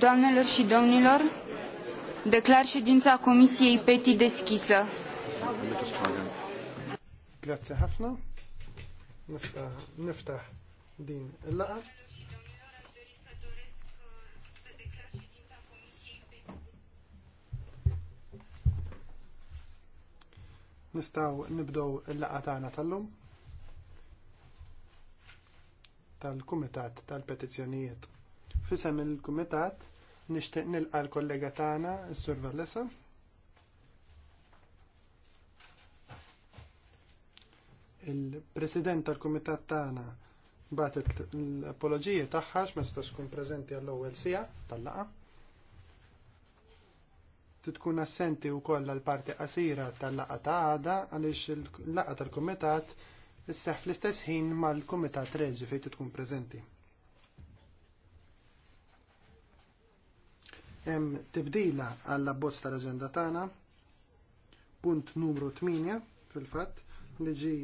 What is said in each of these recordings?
Doamnelor și domnilor, declar ședința Comisiei PETI deschisă. Grazie Hafna. Nista' niftaħ din il-laqa. Nistgħu nibdew il-laqa tagħna tal-lum tal-Kumitat tal-Petizzjonijiet Fisem il-Kumitat nixtieq nilqa l-kollega tagħna s-Sur Vallesa. Il-President tal-Kumitat tagħna batet l apoloġija tagħha ma stax tkun preżenti għall-ewwel sija tal-laqa. Titkun assenti wkoll għall parti qasira tal-laqa ta' għada għaliex il-laqa tal-Kumitat isseħħ fl-istess ħin mal-Kumitat Reġi fejn tkun preżenti. Hemm tibdila għall abbozz tal-aġenda tagħna. Punt numru 8 fil-fatt li ġi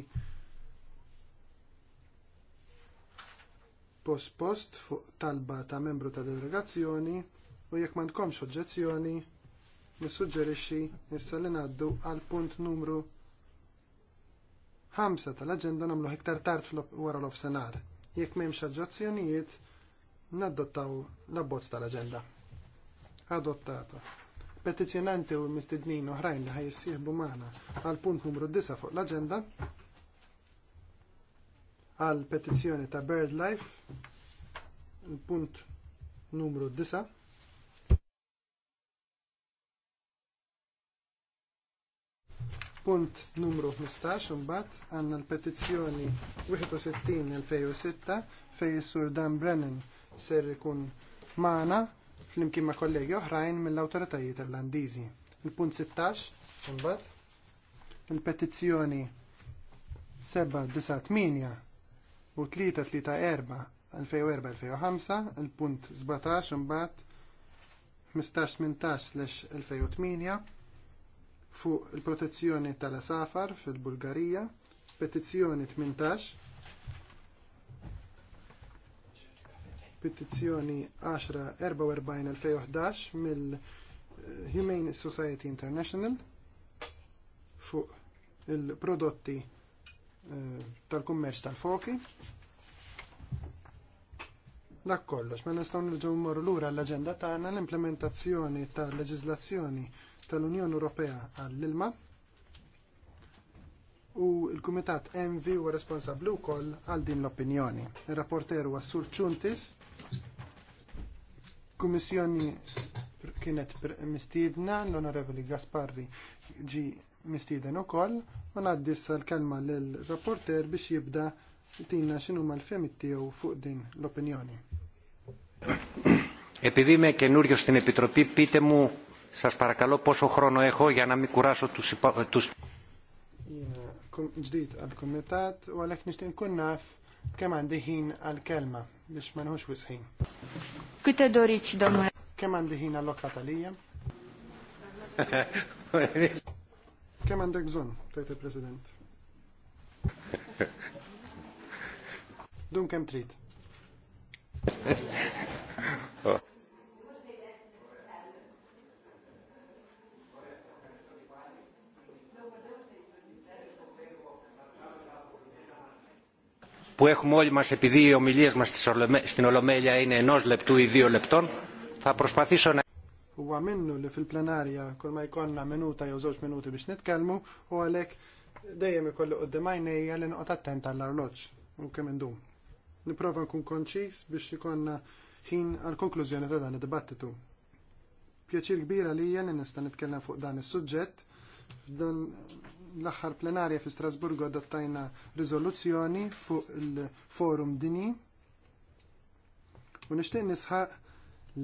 post post fuq talba ta' membru ta' delegazzjoni u jekk m'għandkomx oġġezzjoni nissuġġerixxi issa li ngħaddu għal punt numru 5 tal-aġenda nagħmlu iktar tard wara l-offsenar. Jekk m'hemmx oġġezzjonijiet, naddottaw l-abbozz tal-aġenda adottata. Petizjonanti u mistednin oħrajn li ħajissieħbu magħna għal punt numru 9 fuq l-aġenda għal petizzjoni ta' Bird Life punt numru 9 Punt numru 15 imbagħad għandna l-petizzjoni 61-2006 fejn is-Sur Dan Brennan ser ikun magħna flimkien ma' kollegi oħrajn mill-awtoritajiet irlandiżi. Il-punt 16 imbagħad il-petizzjoni 798 u 334 2004-2005, il-punt 17 imbagħad 15-18-2008 fuq il-protezzjoni tal-asafar fil-Bulgarija, petizzjoni 18 petizzjoni 10-44-2011 mill-Humane eh, Society International fuq il-prodotti eh, tal-kummerċ tal-foki. Dak kollox, ma nistgħu nirġgħu mmorru lura l-aġenda tagħna l-implementazzjoni tal-leġiżlazzjoni tal-Unjoni Ewropea għall-ilma u l-Kumitat MV huwa responsabbli wkoll għal din l-opinjoni. Ir-rapporter huwa Sur Ċuntis Kummissjoni kienet mistiedna l-Onorevoli Gasparri ġi mistieden ukoll u ngħaddi issa l-kelma lill-rapporter biex jibda tina x'inhu mal-femit tiegħu fuq din l-opinjoni. Επειδή είμαι καινούριο στην Επιτροπή, πείτε μου, σας παρακαλώ, πόσο χρόνο έχω για να μην κουράσω τους, τους... ġdid għal-komitat u għalek nishtin kun naf kem għandi ħin għal-kelma biex ma nħux wisħin. Kuta dorit domna. Kem għandi ħin allokata lija? Kemm għandek bżonn, tajt il-President. Dun kem trit? Oh. που έχουμε όλοι μας επειδή οι ομιλίες μας στην Ολομέλεια είναι ενός λεπτού ή δύο λεπτών θα προσπαθήσω να Huwa minnu li fil-plenarja kull ma jkollna minuta jew żewġ minuti biex nitkellmu u għalhekk dejjem ikollu qudiem għajnejja li noqgħod attent għall-arloġġ u kemm indum. Nipprova nkun konċis biex ikollna ħin għall konklużjoni ta' dan id-dibattitu. Pjaċir kbira li jien nista' nitkellem fuq dan is-suġġett f'dan l-aħħar plenarja fi Strasburgu adottajna riżoluzzjoni fuq il-forum dini u nixtieq nisħaq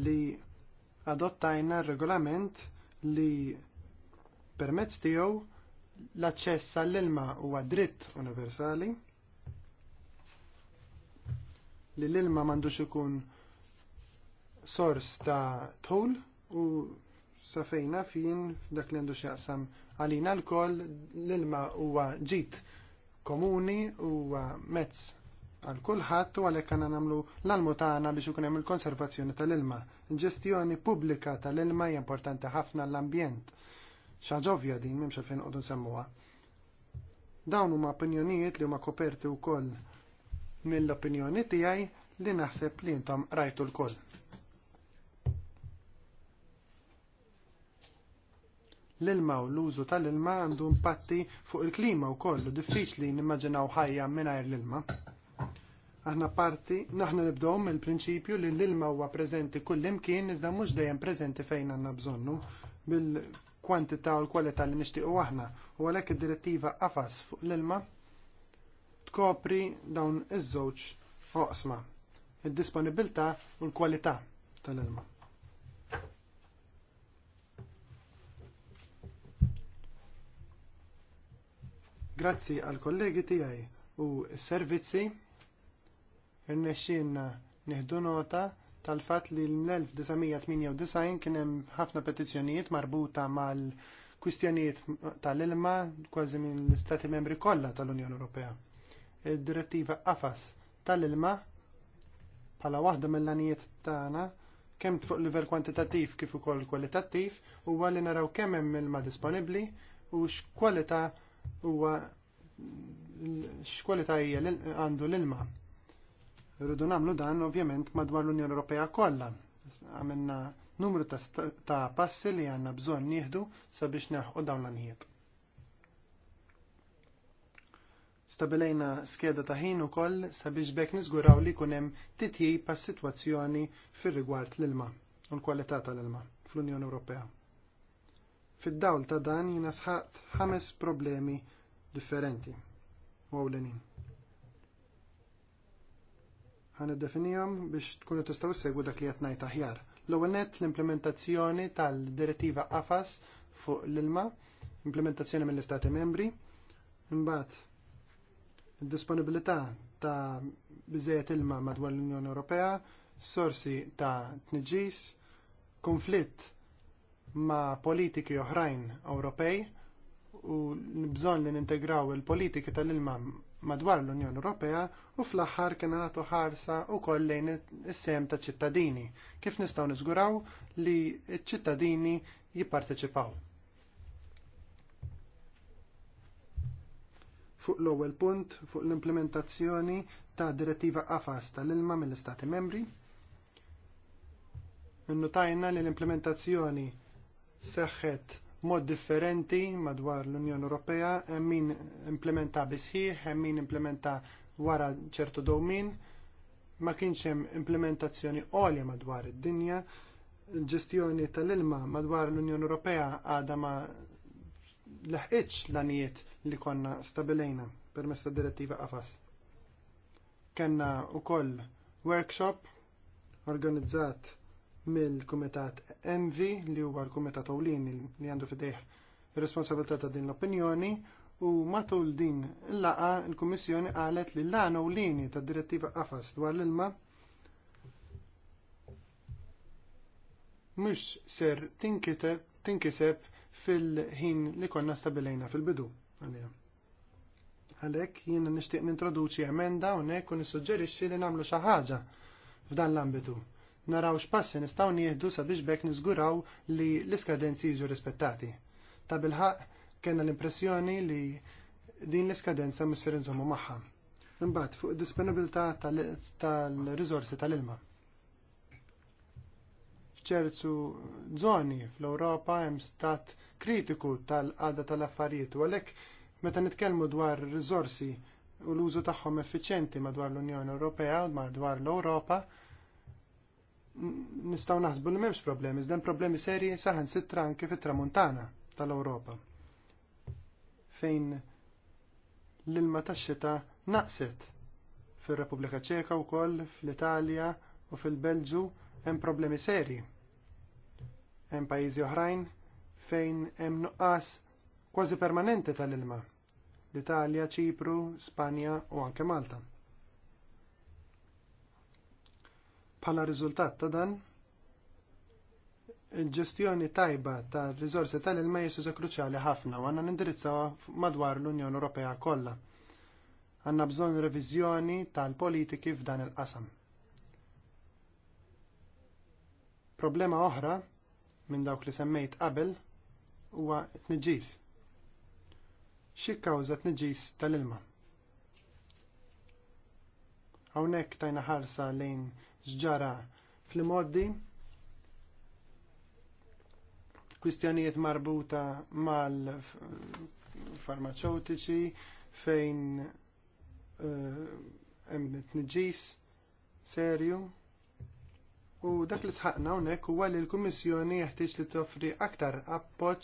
li adottajna regolament li permezz tiegħu l-aċċess għall-ilma huwa dritt universali li l-ilma m'għandux ikun sors ta' tħul u safejna fin dak li għandu x'jaqsam għalin lkoll l-ilma huwa ġid komuni huwa mezz għal kulħadd u għalhekk għandna nagħmlu l-almu tagħna biex ikun hemm il-konservazzjoni tal-ilma. Ġestjoni pubblika tal-ilma hija importanti ħafna l-ambjent. Xaġovja din m'hemmx fejn qogħdu nsemmuha. Dawn huma opinjonijiet li huma koperti wkoll mill-opinjoni tiegħi li naħseb li intom rajtu l-koll. L-ilma u l-użu tal-ilma għandu impatti fuq il-klima u kollu diffiċli nimmaġinaw ħajja mingħajr l-ilma. Aħna parti, naħna nibdew mill-prinċipju li l-ilma huwa preżenti kullimkien iżda mhux dejjem preżenti fejn għandna bżonnu bil-kwantità u l-kwalità li nixtiequ aħna u għalhekk id-direttiva qafas fuq l-ilma tkopri dawn iż-żewġ oqsma, id-disponibilità u l-kwalità tal-ilma. Grazzi għall kollegi tiegħi u s-servizzi irnexxinna nieħdu nota tal-fatt li l-1998 kien hemm ħafna petizzjonijiet marbuta mal-kwistjonijiet tal-ilma kważi minn l-Istati Membri kollha tal-Unjoni Ewropea. Id-direttiva qafas tal-ilma bħala waħda mill-għanijiet tagħna kemm fuq livell kwantitattiv kif ukoll kwalitattiv huwa li naraw kemm hemm ilma disponibbli u x'kwalità huwa x-kwalità hija għandu l-ilma. Rridu nagħmlu dan ovvjament madwar l-Unjoni Ewropea kollha. Għamilna numru ta' passi li għandna bżonn nieħdu sabiex neħħu dawn l-anħieb. stabilejna skeda ta' ħin ukoll sabiex bekk niżguraw li jkun hemm titjib għas-sitwazzjoni fir-rigward l-ilma u l-kwalità tal-ilma fl-Unjoni Ewropea. Fid-dawl ta' dan jiena sħaqt ħames problemi differenti. Mawlenin. Ħan biex tkunu tistgħu segwu dak li aħjar. L-ewwel nett l-implementazzjoni tal-direttiva AFAS fuq l-ilma, implementazzjoni mill-Istati membri, imbagħad id-disponibilità ta' biżejjed ilma madwar l-Unjoni Ewropea, sorsi ta' tniġis, konflitt ma' politiki oħrajn Ewropej u bżonn li nintegraw il-politiki tal-ilma madwar l-Unjoni Ewropea u fl-aħħar kien nagħtu ħarsa wkoll lejn is-sem ta' ċittadini kif nistgħu niżguraw li ċ-ċittadini jipparteċipaw. Fuq l-ewwel punt fuq l-implementazzjoni ta' direttiva Afas tal-ilma mill-Istati Membri. Innutajna li l-implementazzjoni seħħet mod differenti madwar l-Unjoni Ewropea, hemm min implementa bisħiħ, hemm min implementa wara ċertu domin, ma kienx hemm implementazzjoni għolja madwar id-dinja, il-ġestjoni tal-ilma madwar l-Unjoni Ewropea għadha ma leħqitx l-anijiet li konna stabilejna permess ta' direttiva qafas. Kenna wkoll workshop organizzat mill-Kumitat Envi li huwa l-Kumitat Ewlieni li għandu fidejh ir-responsabilità ta' din l-opinjoni u matul din il laqgħa l kummissjoni qalet li l-għana ewlieni tad direttiva qafas dwar l-ilma mhux ser tinkiseb fil-ħin li konna stabilejna fil-bidu għalija. Għalek jiena nixtieq nintroduċi emenda hawnhekk u nissuġġerixxi li nagħmlu xi ħaġa f'dan l-ambitu naraw x'passi nistgħu nieħdu sabiex bekk niżguraw li l-iskadenzi jiġu rispettati. Ta' bilħaq kena l-impressjoni li din l-iskadenza missir nżommu magħha. Imbagħad fuq id disponibilità tal-riżorsi tal-ilma. F'ċertu żoni fl-Ewropa hemm stat kritiku tal-qada tal-affarijiet u għalhekk meta nitkellmu dwar riżorsi u l-użu tagħhom effiċjenti madwar l-Unjoni Ewropea u madwar l-Ewropa, nistgħu naħsbu li m'hemmx problemi, iżda problemi serji saħan sitra anke fit-tramuntana tal-Ewropa. Fejn l-ilma tax-xita naqset fir-Repubblika Ċeka wkoll, fl-Italja u fil-Belġu hemm problemi serji. Hemm pajjiżi oħrajn fejn hemm nuqqas kważi permanenti tal-ilma. L-Italja, Ċipru, Spanja u anke Malta. Bħala riżultat ta' dan, il-ġestjoni tajba ta' riżorsi tal-ilma jisuża kruċjali ħafna u għandna nindirizzaw madwar l-Unjoni Ewropea kollha. Għandna bżonn reviżjoni tal-politiki f'dan il-qasam. Problema oħra minn dawk li semmejt qabel huwa t-nġis. Xi kawża t-nġis tal-ilma? Hawnhekk tajna ħarsa lejn x'ġara fl-modi kwistjonijiet marbuta mal-farmaceutiċi fejn eh, hemm uh, tniġis serju. U dak li sħaqna hawnhekk huwa li l-Kummissjoni jeħtieġ li toffri aktar appoġġ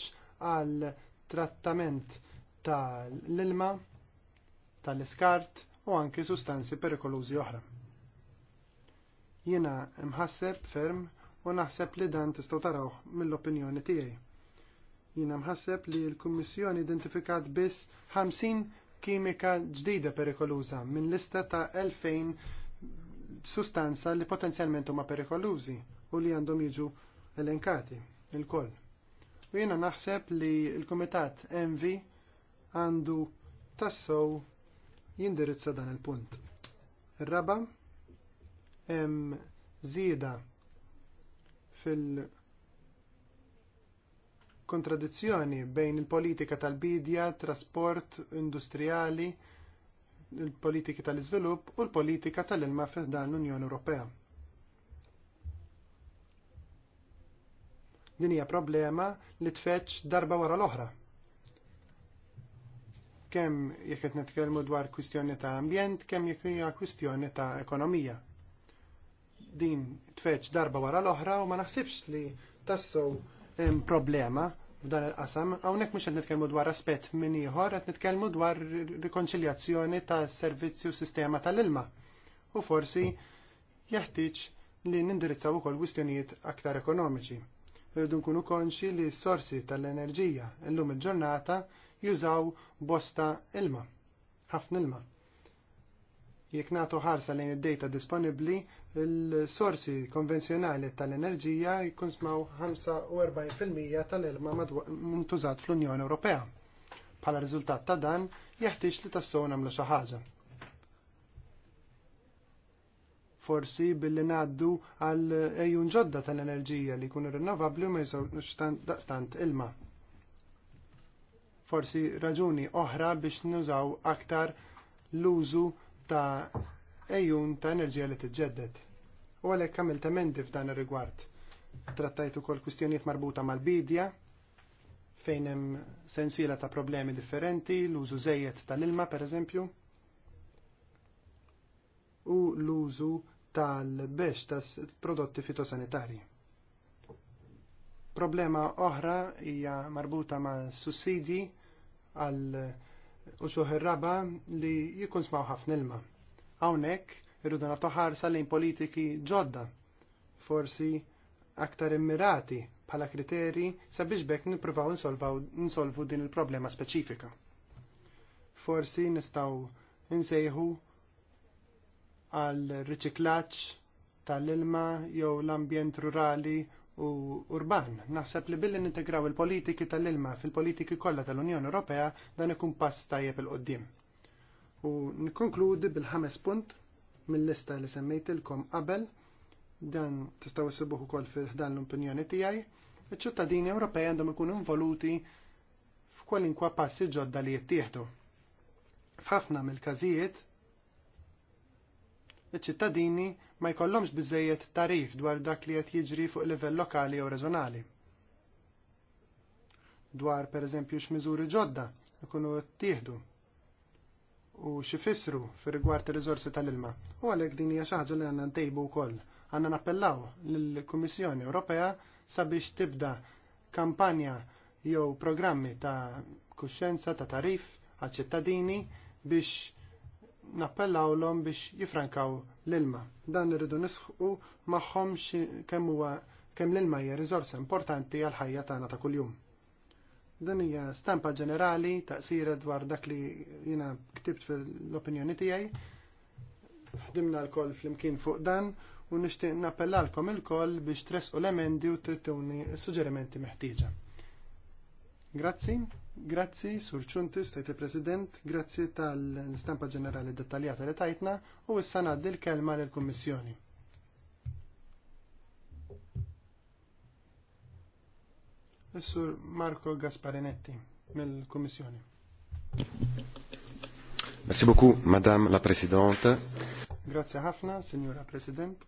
għal trattament tal-ilma, tal-iskart u anke sustanzi perikolużi oħra. Jiena mħasseb ferm u naħseb li dan tistgħu taraw mill-opinjoni tiegħi. Jiena mħasseb li l-Kummissjoni identifikat biss 50 kimika ġdida perikoluża minn lista ta' 2000 sustanza li potenzjalment huma perikolużi u li għandhom jiġu elenkati il-koll. U jiena naħseb li l-Kumitat MV għandu tassow jindirizza dan il-punt. Ir-raba' hemm żieda fil- kontradizzjoni bejn il-politika tal-bidja, trasport industrijali, il politika tal-iżvilupp u l-politika tal-ilma f'dan l-Unjoni Ewropea. Din hija problema li tfeċ darba wara l-oħra. Kemm jekk qed nitkellmu dwar kwistjoni ta' ambjent, kemm jekk hija kwistjoni ta' ekonomija din tfeċ darba wara l-oħra u ma naħsibx li tassow problema f'dan il-qasam. Hawnhekk mhux qed nitkellmu dwar aspett minn ieħor, qed nitkellmu dwar rikonċiljazzjoni ta' servizzi u sistema tal-ilma. U forsi jeħtieġ li nindirizzaw ukoll kwistjonijiet aktar ekonomiċi. Irridu nkunu konxi li s-sorsi tal-enerġija llum il-ġurnata jużaw bosta ilma, ħafna ilma. Jekk nagħtu ħarsa lejn id-data disponibbli, il-sorsi konvenzjonali tal-enerġija jkun smaw 45% tal-ilma ntużat fl-Unjoni Ewropea. Bħala riżultat ta' dan, jeħtieġ li tassew nagħmlu xi ħaġa. Forsi billi ngħaddu għal ejjun ġodda tal-enerġija li jkunu rinnovabbli u ma jżewx daqstant ilma forsi raġuni oħra biex nużaw aktar l-użu ta' ejjun ta' enerġija li tiġġedded. U għalhekk għamilt emendi f'dan ir-rigward. Trattajt ukoll kwistjonijiet marbuta mal-bidja fejn hemm sensiela ta' problemi differenti, l-użu żejjed tal-ilma pereżempju. U l-użu tal-bex ta' prodotti fitosanitarji. Problema oħra hija marbuta mal sussidji għal u xuħ raba li jikun smaw ħafna ilma. Hawnhekk irridu nagħtu ħarsa lejn politiki ġodda, forsi aktar immirati bħala kriteri sabiex bekk nippruvaw insolvu din il-problema speċifika. Forsi nistgħu nsejħu għal riċiklaġġ tal-ilma jew l-ambjent rurali u urban. Naħseb li billi nintegraw il-politiki tal-ilma fil-politiki kollha tal-Unjoni Ewropea dan ikun pass tajjeb il-qoddim. U nikkonkludi bil-ħames punt mill-lista li semmejtilkom qabel dan tistgħu issibuh ukoll fil-ħdan l-opinjoni tiegħi. Iċ-ċittadini Ewropej għandhom ikunu involuti f'kwalinkwa passi ġodda li jittieħdu. F'ħafna mill-każijiet iċ-ċittadini ma jkollhomx biżejjed tarif dwar dak li qed jiġri fuq livell lokali jew reġjonali. Dwar pereżempju x'miżuri ġodda ikunu ttieħdu u xifissru fir rigward ir-riżorsi tal-ilma. U għalhekk din hija xi ħaġa li għandna ntejbu wkoll. Għandna nappellaw lill-Kummissjoni Ewropea sabiex tibda kampanja jew programmi ta' kuxenza ta' tarif għaċ ċittadini biex nappellawlhom biex jifrankaw l-ilma. Dan irridu nisħu magħhom kemm huwa kemm l-ilma hija riżorsa importanti għall ħajja tagħna ta' kuljum. Dan hija stampa ġenerali taqsira dwar dak li jiena ktibt fil-opinjoni tiegħi. Ħdimna lkoll flimkien fuq dan u nixtieq nappellalkom ilkoll biex tresqu l-emendi u tittuni s-suġġerimenti meħtieġa. Grazzi. Grazzi, Sur Ċuntis, tajti President, grazzi tal-istampa ġenerali dettaljata li tajtna u s-sana kelma lill kommissjoni Sur Marco Gasparinetti mill kommissjoni Merci beaucoup, Madame la Presidente. Grazie ħafna, Signora President.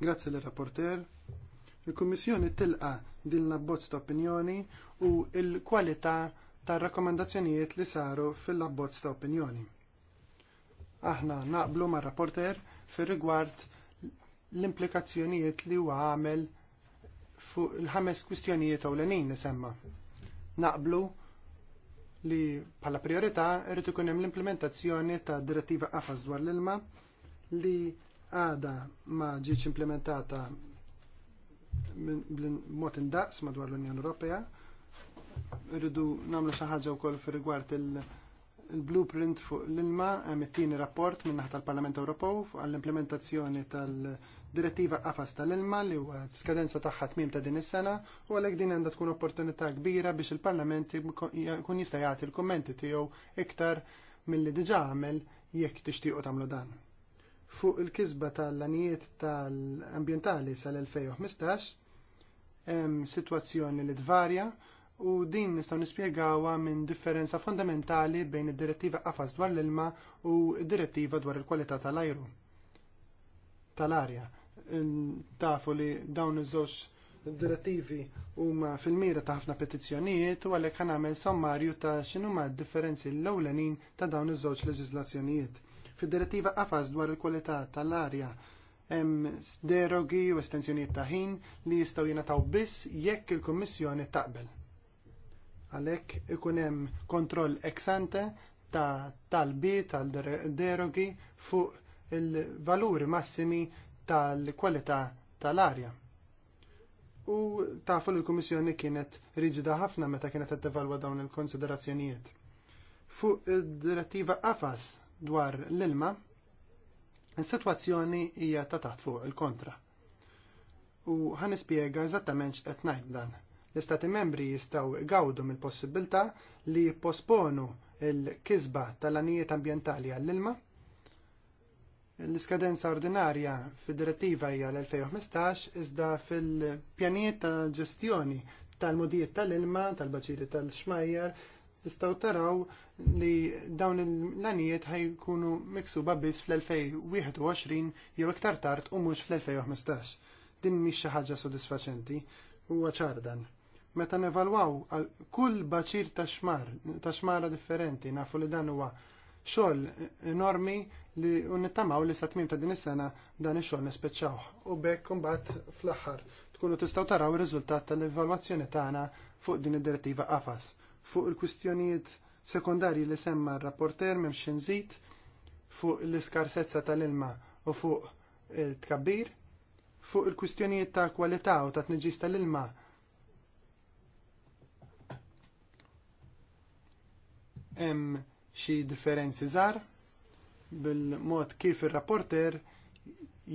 Grazie l-rapporter Il-Kummissjoni tilqa din l-abbozz ta' opinjoni u l-kwalità tar rakkomandazzjonijiet li saru fil-abbozz ta' opinjoni. Aħna naqblu mar rapporter fir rigward l-implikazzjonijiet li huwa għamel fuq il-ħames kwistjonijiet ewlenin li semma. Naqblu li bħala priorità rrid ikun hemm l-implementazzjoni ta' direttiva qafas dwar l-ilma li għada ma ġietx implementata mot indaqs madwar l-Unjoni Ewropea. Rridu nagħmlu xi ħaġa wkoll fir-rigward il-blueprint fuq l-ilma hemm it-tieni rapport minn naħa tal-Parlament Ewropew għall-implementazzjoni tal-direttiva qafas tal-ilma li huwa skadenza tagħha tmiem ta' din is-sena u għalhekk din għandha tkun opportunità kbira biex il-Parlament jkun jista' jagħti l-kummenti tiegħu iktar milli diġà għamel jekk tixtiequ tagħmlu dan fuq il-kisba tal-lanijiet tal-ambientali sal-2015 hemm sitwazzjoni li tvarja u din nistgħu nispjegawha minn differenza fondamentali bejn id-direttiva qafas dwar l-ilma u id-direttiva dwar il-kwalità tal-ajru tal-arja. Tafu li dawn iż-żewġ direttivi huma fil-mira ta' ħafna petizzjonijiet u għalhekk nagħmel sommarju ta' x'inhuma d differenzi l-ewlenin ta' dawn iż-żewġ leġiżlazzjonijiet. Fid-direttiva qafas dwar il-kwalità tal-arja hemm derogi u estensjonijiet ta' ħin li jistgħu jingħataw biss jekk il-Kummissjoni taqbel. Għalhekk ikun hemm kontroll ex ante ta' talbiet tal-derogi fuq il-valuri massimi tal-kwalità tal-arja. U tafu l-Kummissjoni kienet riġida ħafna meta kienet tevalwa dawn il-konsiderazzjonijiet. Fuq id-direttiva qafas dwar l-ilma, Is-sitwazzjoni hija ta' taħt fuq il-kontra. U ħan nispjega eżattament x'qed ngħid dan. L-Istati membri jistgħu gawdu mill-possibilità li jipposponu l-kisba tal-anijiet ambjentali għall-ilma. L-iskadenza ordinarja fid-direttiva hija l-2015 iżda fil-pjanijiet ta' ġestjoni tal-modijiet tal-ilma, tal-baċiri tal-xmajjar, Tistgħu taraw li dawn l-lanijiet ħajkunu miksuba biss fl-2021 jew iktar tard u mhux fl-2015. Din mhix xi ħaġa sodisfaċenti huwa ċardan. Meta nevalwaw għal kull baċir ta' xmar, ta' xmara differenti, nafu li dan huwa xogħol enormi li nittamaw li sa tmiem ta' din is-sena dan ix-xogħol nispeċċaw. U bekk imbagħad fl-aħħar tkunu tistgħu taraw ir-riżultat tal-evalwazzjoni tagħna fuq din id-direttiva qafas fuq il-kwistjonijiet sekundarji li semma r-rapporter xi nżid fuq l-iskarsezza tal-ilma u fuq il-tkabbir, fuq il-kwistjonijiet ta' kwalità u ta' tniġġis tal-ilma. Hemm xi differenzi żgħar bil-mod kif ir-rapporter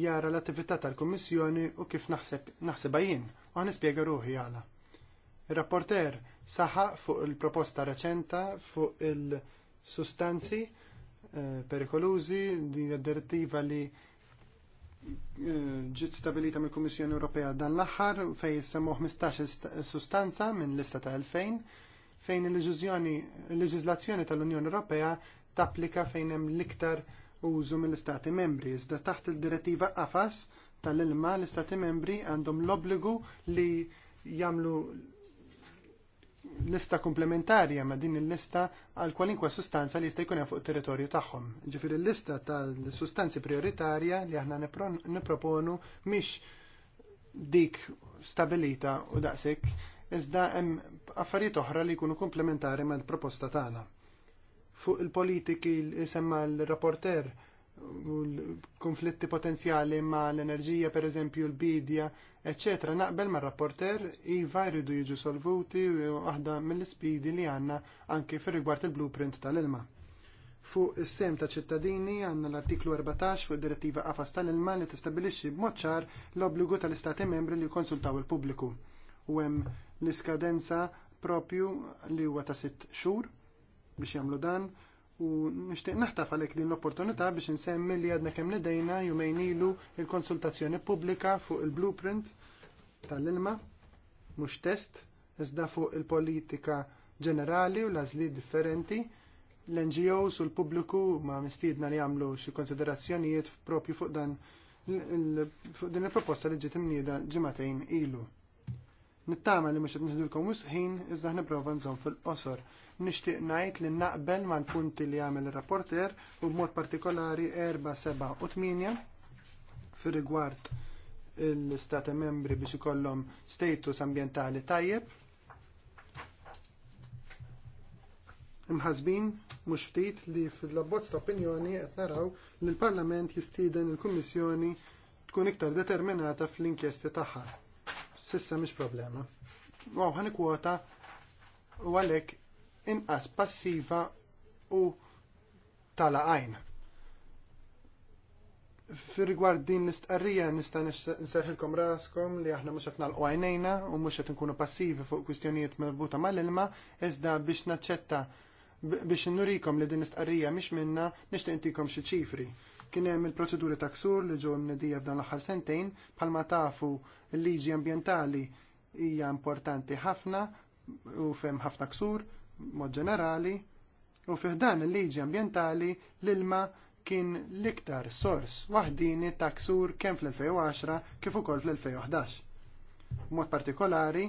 jara l-attività tal-Kummissjoni u kif naħseb jien u ħnispjega ruħi għala rapporter saħaq fuq il-proposta reċenta fuq il-sustanzi eh, perikolużi din direttiva li eh, ġiet stabilita mill kummissjoni Ewropea dan l-aħħar fejn semmu 15 sustanza minn lista ta' 2000 fejn il-leġiżlazzjoni tal-Unjoni Ewropea tapplika fejn hemm l-iktar użu mill-Istati membri. Iżda taħt il-direttiva qafas tal-ilma l-Istati membri għandhom l-obbligu li jagħmlu lista komplementarja ma' din il-lista għal kwalinkwa sustanza li jista' jkun hemm fuq territorju tagħhom. Ġifier il-lista tal-sustanzi prioritarja li aħna nipproponu mhix dik stabilita u daqshekk iżda hemm affarijiet oħra li jkunu komplementari mal proposta tagħna. Fuq il-politiki li semma l-rapporter konflitti potenzjali ma l-enerġija, per eżempju, l-bidja, ecc. Naqbel ma' rapporter, iva jridu jiġu solvuti u waħda mill-spidi li għanna anke fir rigward il-blueprint tal-ilma. Fuq is-sem ta' ċittadini għanna l-artiklu 14 fuq direttiva qafas tal-ilma li tistabilixxi b'mod ċar l-obbligu tal-istati membri li jkonsultaw il-pubbliku. U hemm l-iskadenza propju li huwa ta' sitt xhur biex jagħmlu dan u nixtieq naħtaf għalek din l-opportunità biex insemmi li għadna kemm nedejna jumejn ilu il-konsultazzjoni pubblika fuq il-blueprint tal-ilma mhux test iżda fuq il-politika ġenerali u l differenti l-NGOs u l-pubbliku ma mistiedna li jagħmlu xie konsiderazzjonijiet propju fuq dan il-proposta li ġiet imnieda ġimagħtejn ilu. Nittama li mux nħidilkom sħin iżda nipprova nżom fil-qosor. Nishtiq najt li naqbel ma' l-punti li għamil il-rapporter u b'mod partikolari 4, 7 u 8 fil rigward l-stati membri biex ikollhom status ambjentali tajjeb. Imħazbin mhux ftit li fil-abbozz ta' opinjoni qed naraw li l-Parlament jistiden il-Kummissjoni tkun iktar determinata fl-inkjesti tagħha sissa mhix problema. Waw ħani kwota u għalhekk inqas passiva u tala għajn. Fir-rigward din l-istqarrija nista' nserħilkom raskom li aħna mhux qed nagħlqu għajnejna u mhux qed inkunu passivi fuq kwistjonijiet marbuta mal-ilma iżda biex naċċetta biex nurikom li din l-istqarrija mhix minna nixtieq intikom xi ċifri. Kien hemm il-proċeduri ta' ksur li ġew imnedija f'dan l-aħħar sentejn bħalma tafu l-liġi ambjentali hija importanti ħafna u fem ħafna ksur mod ġenerali u fih dan il-liġi ambjentali l-ilma kien l-iktar sors waħdini ta' ksur kemm fl-2010 kif ukoll fl-2011. Mod partikolari,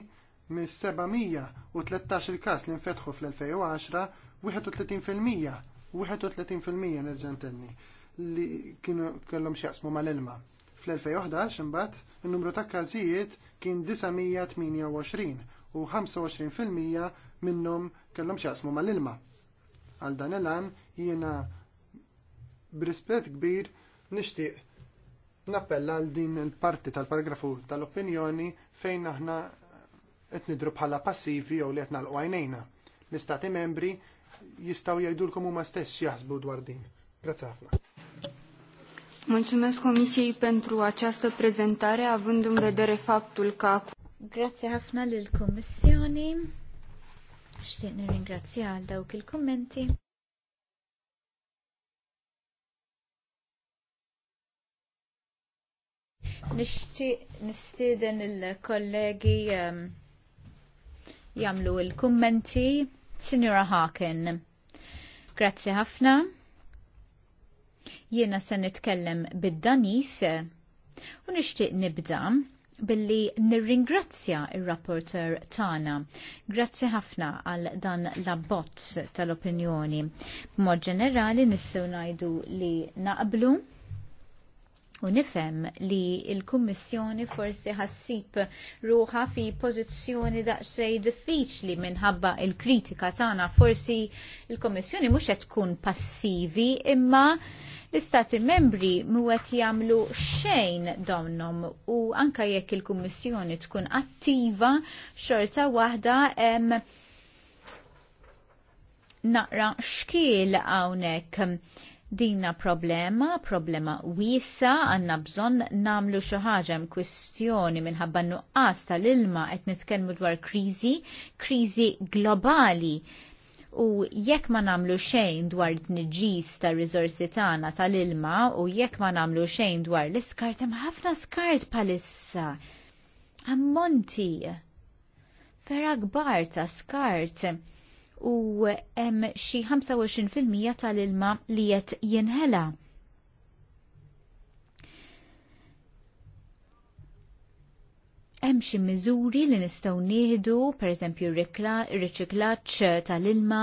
mis-713 il-każ li nfetħu fl-2010, 31% 31% nerġa' ntenni li kienu kellhom x'jaqsmu mal-ilma. Fl-2011 imbagħad in-numru ta' każijiet kien 928 u 25% minnhom kellhom x'jaqsmu mal-ilma. Għal dan il-għan jiena brispet kbir nixtieq nappella għal din il-parti tal-paragrafu tal-opinjoni fejn aħna qed nidru bħala passivi jew li qed nagħlqu għajnejna. L-istati membri jistgħu jgħidulkom huma stess jaħsbu dwar din. Grazzi ħafna. Mulțumesc Comisiei pentru această prezentare, având în vedere faptul că Grazie ħafna lil kommissjoni Xtieq nirringrazzja għal dawk il-kummenti. Nixtieq nistieden il-kollegi ehm, jagħmlu il kummenti Signora Haken, grazzi ħafna. Jiena se nitkellem bid-Danis u nixtieq nibda billi nirringrazzja ir-rapporter tagħna. Grazzi ħafna għal dan l-abbozz tal-opinjoni. B'mod ġenerali nistgħu ngħidu li naqblu U nifhem li l-Kummissjoni forsi ħassib ruħa fi pożizzjoni daqsxejn diffiċli minħabba l kritika tagħna. Forsi l-Kummissjoni mhux qed tkun passivi imma l-Istati membri mhuwet jagħmlu xejn domnom u anke jekk il-Kummissjoni tkun attiva xorta waħda hemm naqra xkiel hawnhekk Dinna problema, problema wisa, għanna bżon namlu xaħġa kwestjoni minħabba nuqqas tal-ilma qed nitkellmu dwar kriżi, kriżi globali. U jekk ma namlu xejn dwar t-nġis ta' rizorsi tagħna tal-ilma u jekk ma namlu xejn dwar l-iskart hemm ħafna skart palissa. Ammonti. Vera kbar ta' skart u hemm xi 25% tal-ilma li qed jinħela. Hemm xi miżuri li nistgħu nieħdu, pereżempju riċiklaġġ tal-ilma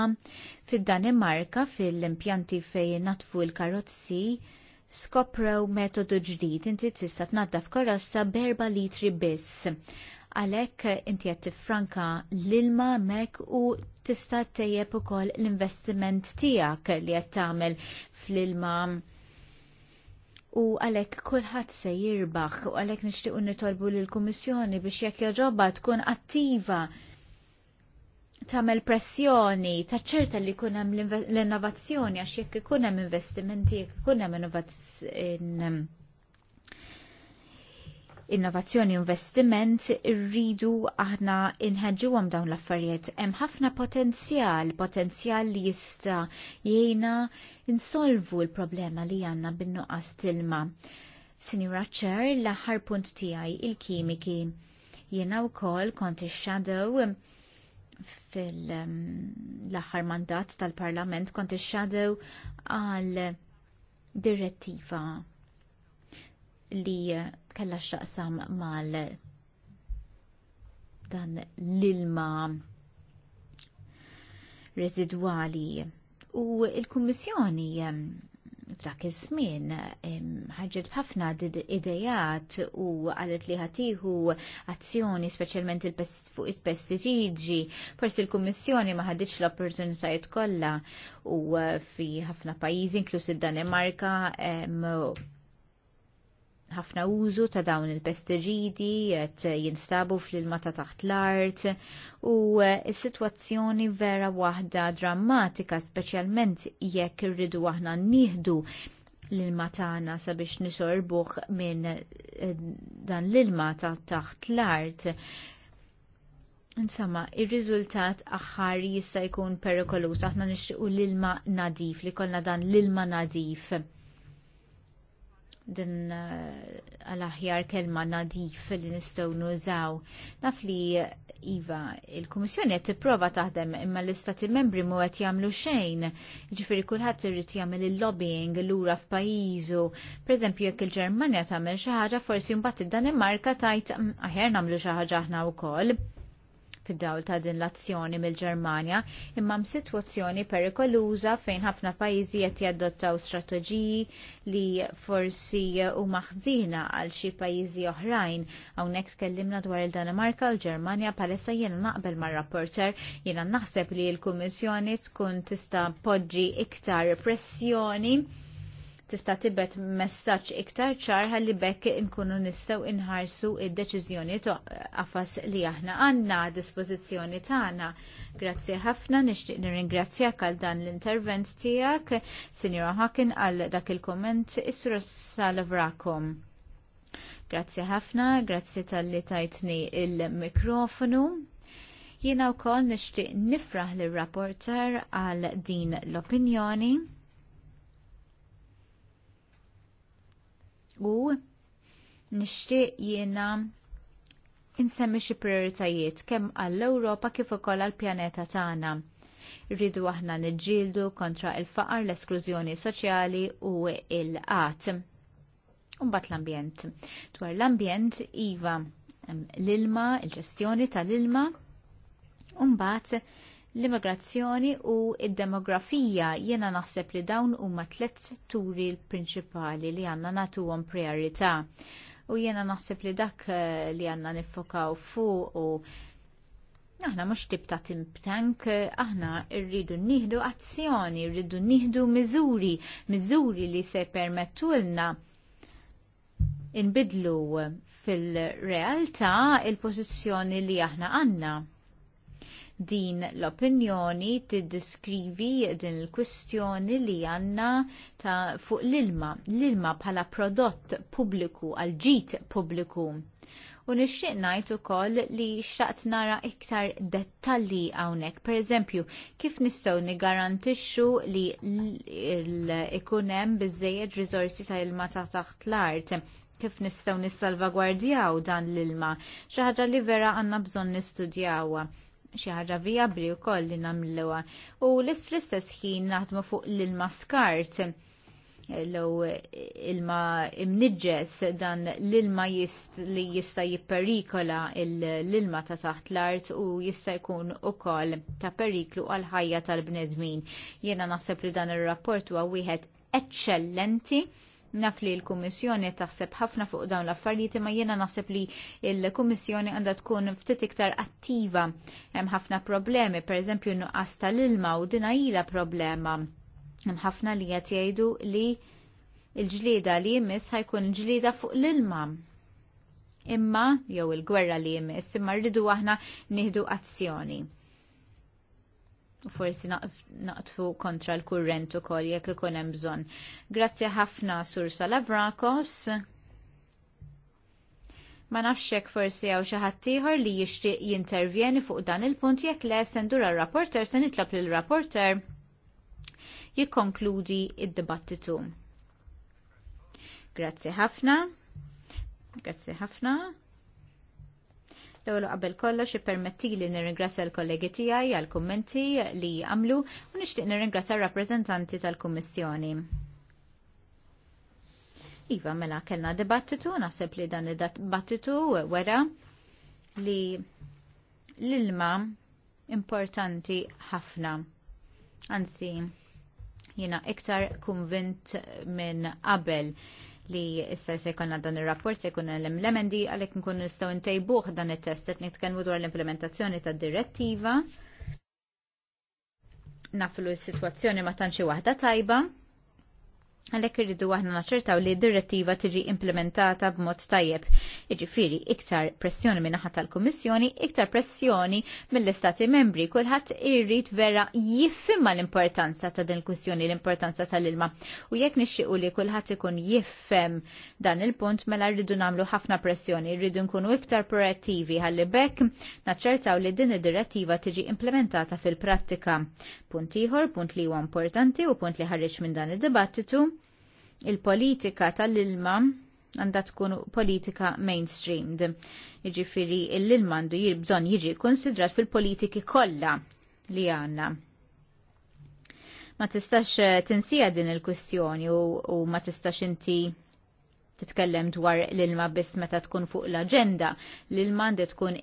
fid-Danimarka fil-impjanti fejn natfu l-karozzi skoprew metodu ġdid inti tista' tnaddaf karossa berba litri biss għalhekk inti qed tiffranka l-ilma mek u tista' tejjeb ukoll l-investiment tiegħek li qed tagħmel fl-ilma u għalhekk kulħadd se jirbaħ u għalhekk nixtiequ nitolbu lill kummissjoni biex jekk joġobha tkun attiva tagħmel pressjoni taċċerta li jkun hemm l-innovazzjoni għax jekk ikun hemm investimenti jekk ikun hemm innovazzjoni innovazzjoni u investiment irridu aħna għam dawn l-affarijiet. Hemm ħafna potenzjal, potenzjal li jista' jiena insolvu l-problema li għandna bin-nuqqas tilma. Sinjura ċer, l-aħħar punt tiegħi il-kimiki. Jiena wkoll kont ix-shadow fil-aħħar um, mandat tal-Parlament kont ix-shadow għal direttiva li kella xaqsam mal dan l-ilma residwali u il-Kummissjoni f'dak iż-żmien ħarġet ħafna idejat u qalet li ħatiħu azzjoni speċjalment fuq il-pestiġiġi. Forsi l-Kummissjoni ma ħaditx l-opportunitajiet kollha u eh, fi ħafna pajjiżi inklus id-Danimarka ħafna użu ta' dawn il-pestiġidi qed jinstabu fl-ilma ta' taħt l-art u eh, s-sitwazzjoni vera waħda drammatika speċjalment jekk irridu aħna nieħdu l-ilma tagħna sabiex nisorbuh minn eh, dan l-ilma ta' taħt l-art. Insomma, ir-riżultat aħħar jista' jkun perikolus aħna nixtiequ l-ilma nadif li kollna dan l-ilma nadif din eh, għal-aħjar kelma nadif li nistgħu nużaw. Naf li Iva, il għet qed tipprova taħdem imma l-Istati membri mu qed jagħmlu xejn. kullħat kulħadd irid jagħmel il-lobbying lura f'pajjiżu. Pereżempju jekk il-Ġermanja tagħmel xi ħaġa forsi mbagħad id-Danimarka tajt mm, aħjar nagħmlu xi ħaġa aħna wkoll fid-dawl ta' din l-azzjoni mill-Ġermanja imma m'sitwazzjoni perikoluża fejn ħafna pajjiżi qed jadottaw strateġiji li forsi huma ħżina għal xi pajjiżi oħrajn. Hawnhekk tkellimna dwar il-Danimarka u l-Ġermanja palissa jiena naqbel mar-rapporter jiena naħseb li l-Kummissjoni tkun tista' poġġi iktar pressjoni tista' tibet messaġġ iktar ċar ħalli bekk inkunu nistgħu inħarsu id-deċiżjoni qafas li aħna għandna dispożizzjoni tagħna. Grazzi ħafna nixtieq nirringrazzjak għal dan l-intervent tiegħek, Sinjora Hawkin għal dak il-komment is-sura salavrakom. Grazzi ħafna, grazzi tal-li tajtni il-mikrofonu u kol nixtieq nifraħ lir rapporter għal din l-opinjoni u nixtieq jiena insemmi xi prioritajiet kemm għall-Ewropa kif ukoll għall-pjaneta tagħna. Rridu aħna niġġieldu kontra il-faqar, l-esklużjoni soċjali u il-qat. Umbat l-ambjent. Dwar l-ambjent iva l-ilma, il-ġestjoni tal-ilma, umbat l-immigrazzjoni u id-demografija jiena naħseb li dawn huma tliet setturi l-prinċipali li għandna nagħtuhom priorità. U jiena naħseb li dak eh, li għandna niffokaw fuq u Aħna mhux tip ta' tank, eh, aħna rridu nieħdu azzjoni, rridu nieħdu miżuri, miżuri li se permettulna inbidlu fil-realtà il-pożizzjoni li aħna għandna din l-opinjoni tiddiskrivi din il-kwistjoni li għandna ta' fuq l-ilma, l-ilma bħala prodott pubbliku għal ġid pubbliku. U nixtieq ngħid ukoll li xaqt nara iktar dettalji hawnhekk. Pereżempju, kif nistgħu nigarantixxu li ikun hemm biżżejjed riżorsi ta' ilma ta' taħt l-art kif nistgħu nissalvagwardjaw dan l-ilma, xi ħaġa li vera għandna bżonn nistudjawha xi ħaġa bri wkoll li nagħmluha u li fl-istess ħin naħdmu fuq l-ilma skart law ilma imniġġes dan l-ilma li jista' jipperikola l-ilma ta' taħt l-art u jista' jkun ukoll ta' periklu għal ħajja tal-bnedmin. Jiena naħseb li dan ir-rapport huwa wieħed eċċellenti Naf li l-Kummissjoni taħseb ħafna fuq dawn l-affarijiet imma jiena naħseb li l-Kummissjoni għandha tkun ftit iktar attiva. Hemm ħafna problemi, pereżempju nuqqas tal-ilma u din ilha problema. Hemm ħafna li qed jgħidu li l-ġlieda li jmiss ħajkun ġlieda fuq l-ilma imma jew il-gwerra li jmiss imma rridu aħna nieħdu azzjoni u forsi naqtfu kontra l-kurrent ukoll jekk ikun hemm bżonn. Grazzi ħafna Sur Salavrakos. Ma nafx hekk forsi għaw xi ħadd ieħor li jixtieq jintervjeni fuq dan il-punt jekk le sendur għal rapporter se nitlob l rapporter jikkonkludi d dibattitu Grazzi ħafna. Grazzi ħafna. L-ewwel qabel kollox ippermetti li nirringrazzja l-kollegi tiegħi għall-kummenti li għamlu u nixtieq nirringrazzja r-rappreżentanti tal-Kummissjoni. Iva, mela, kellna dibattitu, naħseb li dan id-dibattitu wera li l-ilma importanti ħafna. Anzi, jina iktar kunvint minn qabel li issa se jkollna dan ir-rapport se jkun l-emendi għalhekk nkun nistgħu ntejbuh dan it-test qed nitkellmu dwar l-implementazzjoni tad-direttiva naflu s-sitwazzjoni ma tantx waħda tajba Għalhekk irridu aħna naċċertaw li d-direttiva tiġi implementata b'mod tajjeb. Jiġifieri iktar pressjoni minn naħa tal-Kummissjoni, iktar pressjoni mill-Istati membri. Kulħadd irrid vera jiffimma l-importanza ta' din il-kwistjoni, l-importanza tal-ilma. U jekk nixxiequ li kulħadd ikun jiffem dan il-punt mela rridu nagħmlu ħafna pressjoni, rridu nkunu iktar proattivi ħalli bekk naċċertaw li din id-direttiva tiġi implementata fil-prattika. Punt ieħor, punt li huwa importanti u punt li ħarriġ minn dan id-dibattitu il-politika tal-ilma għandha tkun politika mainstreamed. Jiġifieri l-ilma għandu jirbżon jiġi konsidrat fil-politiki kollha li għandna. Ma tistax eh, tinsija din il-kwistjoni u, u ma tistax inti titkellem dwar l-ilma biss meta tkun fuq l-agenda. L-ilma għandha tkun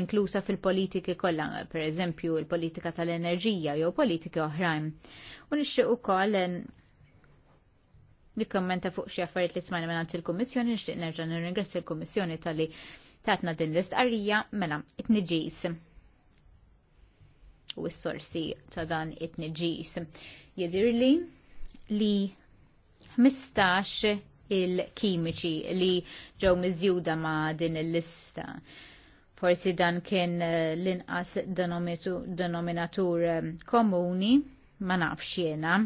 inklusa fil-politiki kollha, per eżempju, il-politika tal-enerġija jew politika oħrajn. U nixtieq ukoll eh, nikkommenta fuq xi affarijiet li smajna minn il-Kummissjoni nixtieq nerġa' nirringrazzja l-Kummissjoni tal-li tatna din l-istqarrija mela it-tniġis u s-sorsi ta' dan it-tniġis. Jidirli li 15 il-kimiċi li ġew miżjuda ma' din il-lista forsi dan kien eh, l-inqas denominatur eh, komuni ma nafx jiena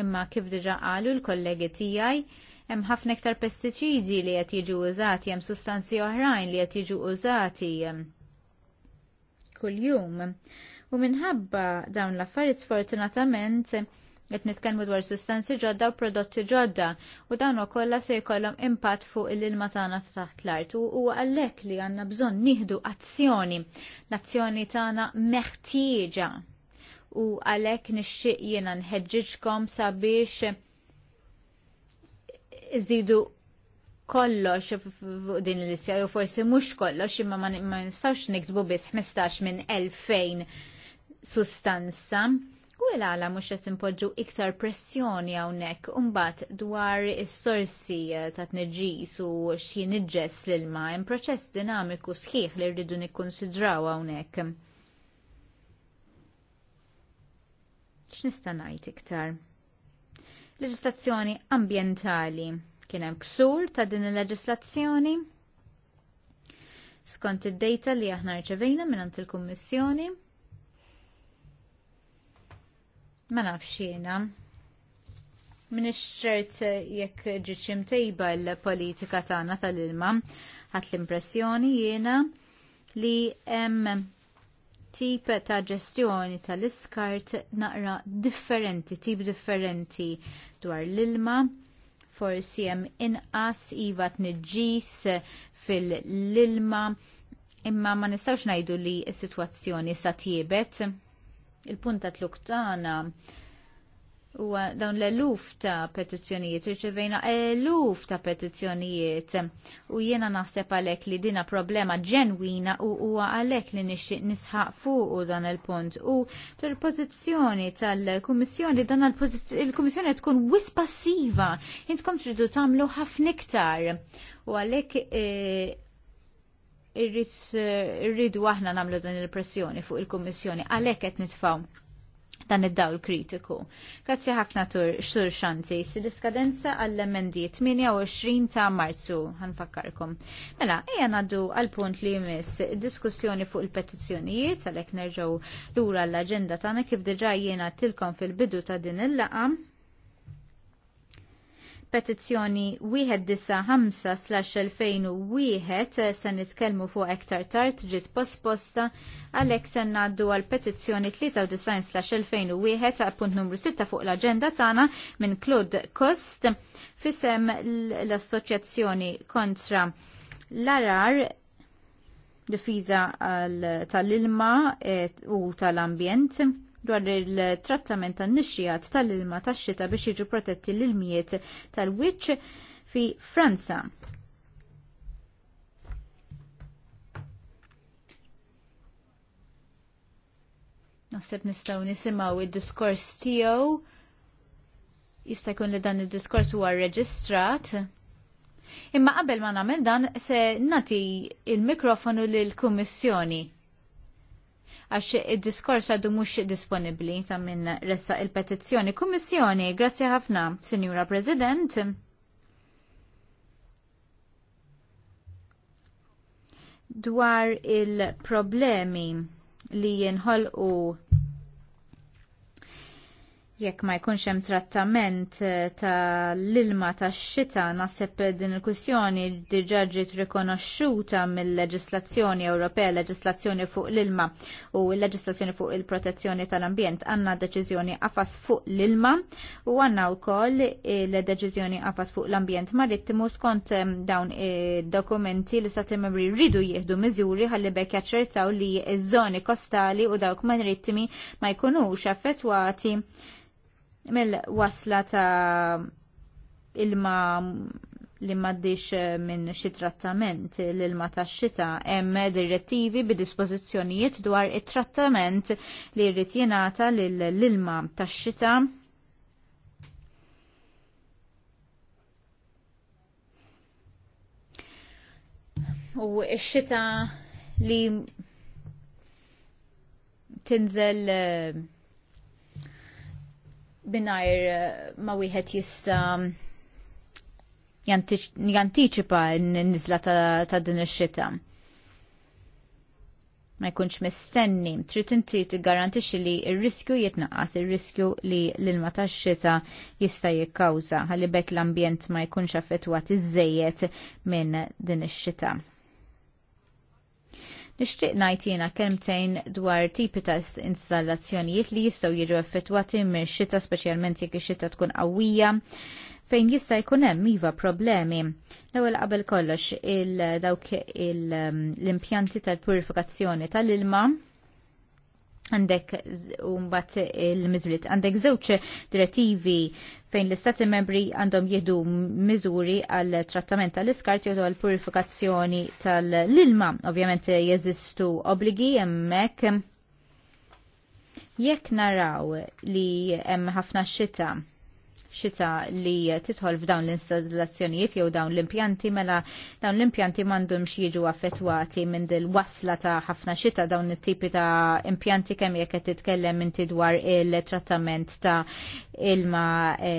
Imma kif diġa qalu l-kollegi tiegħi hemm ħafna iktar pestiċidi li qed jiġu użati, hemm sustanzi oħrajn li qed jiġu użati kuljum. U minħabba dawn l-affarijiet sfortunatament qed nitkellmu dwar sustanzi ġodda u prodotti ġodda u dawn ukoll se jkollhom impatt fuq il-ilma tagħna taħt l-art u huwa għalhekk li għandna bżonn nieħdu azzjoni, l-azzjoni tagħna meħtieġa u għalhekk nixxieq jiena nħeġġiġkom sabiex zidu kollox fuq din l-lista jew forsi mhux kollox imma ma nistgħux niktbu biss 15 minn 2000 sustanza. U l-għala mux qed impoġġu iktar pressjoni hawnhekk mbagħad dwar is-sorsi ta' tniġġis u x'jien niġġess l-ilma hemm proċess dinamiku sħiħ li rridu nikkonsidraw hawnhekk. X'nista' ngħid iktar? Leġislazzjoni ambjentali kien hemm ksur ta' din il-leġislazzjoni skont id-data li aħna rċevejna minn il-Kummissjoni. Ma nafx jiena. Min ixċert jekk ġietx imtejba l-politika tagħna tal-ilma ħadd l-impressjoni jiena li hemm tip ta' ġestjoni tal-iskart naqra differenti, tip differenti dwar l-ilma, forsi hemm inqas iva tniġġis fil-ilma, imma ma nistgħux ngħidu li s-sitwazzjoni sa tiebet. Il-punta tluktana tagħna u dawn l-eluf ta' petizzjonijiet, riċevejna eluf ta' petizzjonijiet u jiena naħseb għalek li dina problema ġenwina u huwa għalek li nixtieq nisħaq fuq u dan il-punt u tal-pożizzjoni tal-Kummissjoni dan il-Kummissjoni tkun wis passiva, jintkom tridu tagħmlu ħafna iktar u għalek e, irridu aħna nagħmlu dan il-pressjoni fuq il-Kummissjoni għalhekk qed nitfaw dan id-dawl kritiku. Grazzi ħafna tur xur xanti, s-diskadenza għall-emendi 28 ta' marzu, ħanfakkarkom. Mela, eja naddu għal-punt li jmiss diskussjoni fuq il-petizzjonijiet, ek nerġaw l-ura l-agenda tana kif diġa jena tilkom fil-bidu ta' din il laqam petizzjoni 195/2001 eh, se nitkellmu fuq ektar tard ġiet posposta għalhekk se ngħaddu għal petizzjoni 93/2001 eh, punt numru 6 fuq l-aġenda tagħna minn Claude Kost fisem l-Assoċjazzjoni kontra l-arar difiża tal-ilma eh, u tal-ambjent dwar il-trattament tan-nixxijat tal-ilma tax-xita biex jiġu protetti l-ilmijiet tal-wiċċ fi Franza. Naħseb nistgħu nisimgħu id-diskors tiegħu. Jista' jkun li dan id-diskors huwa rreġistrat. Imma qabel ma nagħmel dan se nagħti il-mikrofonu lill-Kummissjoni għax id-diskors għadu mhux disponibbli ta' minn ressa il-petizzjoni. Kummissjoni, grazzi ħafna, Signora President. Dwar il-problemi li jinħolqu Jekk ma jkunx hemm trattament eh, tal-ilma tax-xita naħseb din il-kwistjoni diġà ġiet rikonoxxuta mill-leġislazzjoni Ewropea, leġislazzjoni fuq l-ilma u l-leġislazzjoni fuq il-protezzjoni tal-ambjent għandna deċiżjoni qafas fuq l-ilma u għandna wkoll il-deċiżjoni qafas fuq l-ambjent marittimu skont eh, dawn id eh, dokumenti li stati membri rridu jieħdu miżuri ħalli bekk jaċċertaw li ż-żoni kostali u dawk marittimi ma jkunux affettwati mill-wasla ta' ilma li maddix eh, minn xi trattament l-ilma tax xita hemm direttivi bi dispożizzjonijiet dwar it-trattament li jrid jingħata lill-ilma tax xita u x-xita li tinżel eh, binajr eh, ma wieħed jista mm, jantiċipa n-nizla ta' din ix-xita. Ma jkunx mistenni, trid inti tiggarantixxi li r-riskju jitnaqqas, ir-riskju li l-ilma tax-xita jista' jikkawża ħalli bekk l-ambjent ma jkunx affettwat iżejjed minn din ix-xita. Nixtieq ngħid jiena kemmtejn dwar tipi ta' installazzjonijiet li jistgħu jiġu effettwati minn xita speċjalment jekk ix-xita tkun qawwija fejn jista' jkun hemm iva problemi. L-ewwel qabel kollox il dawk l-impjanti tal-purifikazzjoni tal-ilma għandek umbat il-mizlit, għandek zewċ direttivi fejn l-istati membri għandhom jihdu miżuri għal trattament tal iskarti jew għal purifikazzjoni tal-ilma. Ovvjament jeżistu obligi hemmhekk jekk naraw li hemm ħafna xita xita li titħol f'dawn l-installazzjonijiet jew dawn l-impjanti mela dawn l-impjanti m'għandhomx jiġu affettwati minn dil-wasla ta' ħafna xita dawn it-tipi ta' impjanti kemm jekk qed titkellem inti dwar il-trattament ta' ilma e,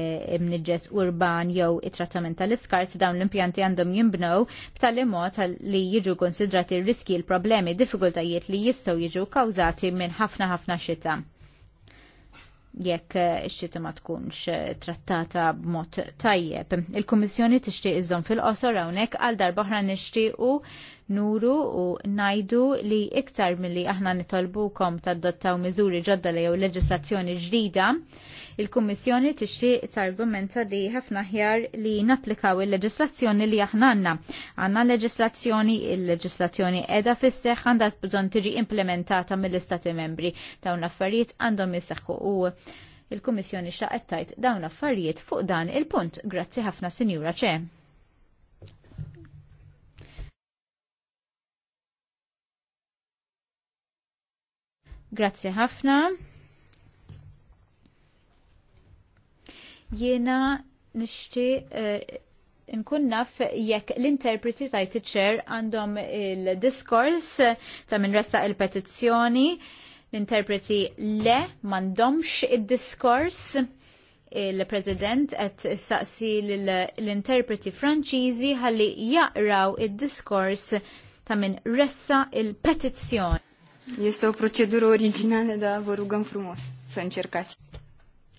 urban jew it-trattament tal-iskart dawn l-impjanti għandhom jimbnew b'tali mod li jiġu konsidrati r-riski l-problemi diffikultajiet li jistgħu jiġu kawżati minn ħafna ħafna xita jekk eh, ix-xita ma tkunx eh, trattata b'mod tajjeb. Il-Kummissjoni tixtieq iżżomm fil-qosor hawnhekk għal darba oħra nixtiequ nuru u najdu li iktar milli aħna nitolbukom tadottaw miżuri ġodda li jew leġislazzjoni ġdida, il-Kummissjoni tixtieq targumenta li ħafna ħjar li napplikaw il-leġislazzjoni li aħna għandna. Għandna leġislazzjoni, il-leġislazzjoni edha fis-seħħ għandha bżonn tiġi implementata mill-Istati membri. Dawn affarijiet għandhom jisseħħu u il-Kummissjoni xtaqet tajt dawn affarijiet fuq dan il-punt. Grazzi ħafna, Sinjura Ċe. Grazzi ħafna. Jiena nishti eh, nkun naf jekk l-interpreti ta' teacher għandhom il-diskors ta' minn resta il-petizzjoni, l-interpreti le m'għandhomx id diskors il-President qed saqsi l-interpreti Franċiżi ħalli jaqraw id-diskors ta' minn ressa il-petizzjoni. Este o procedură originală, dar vă rugăm frumos să încercați.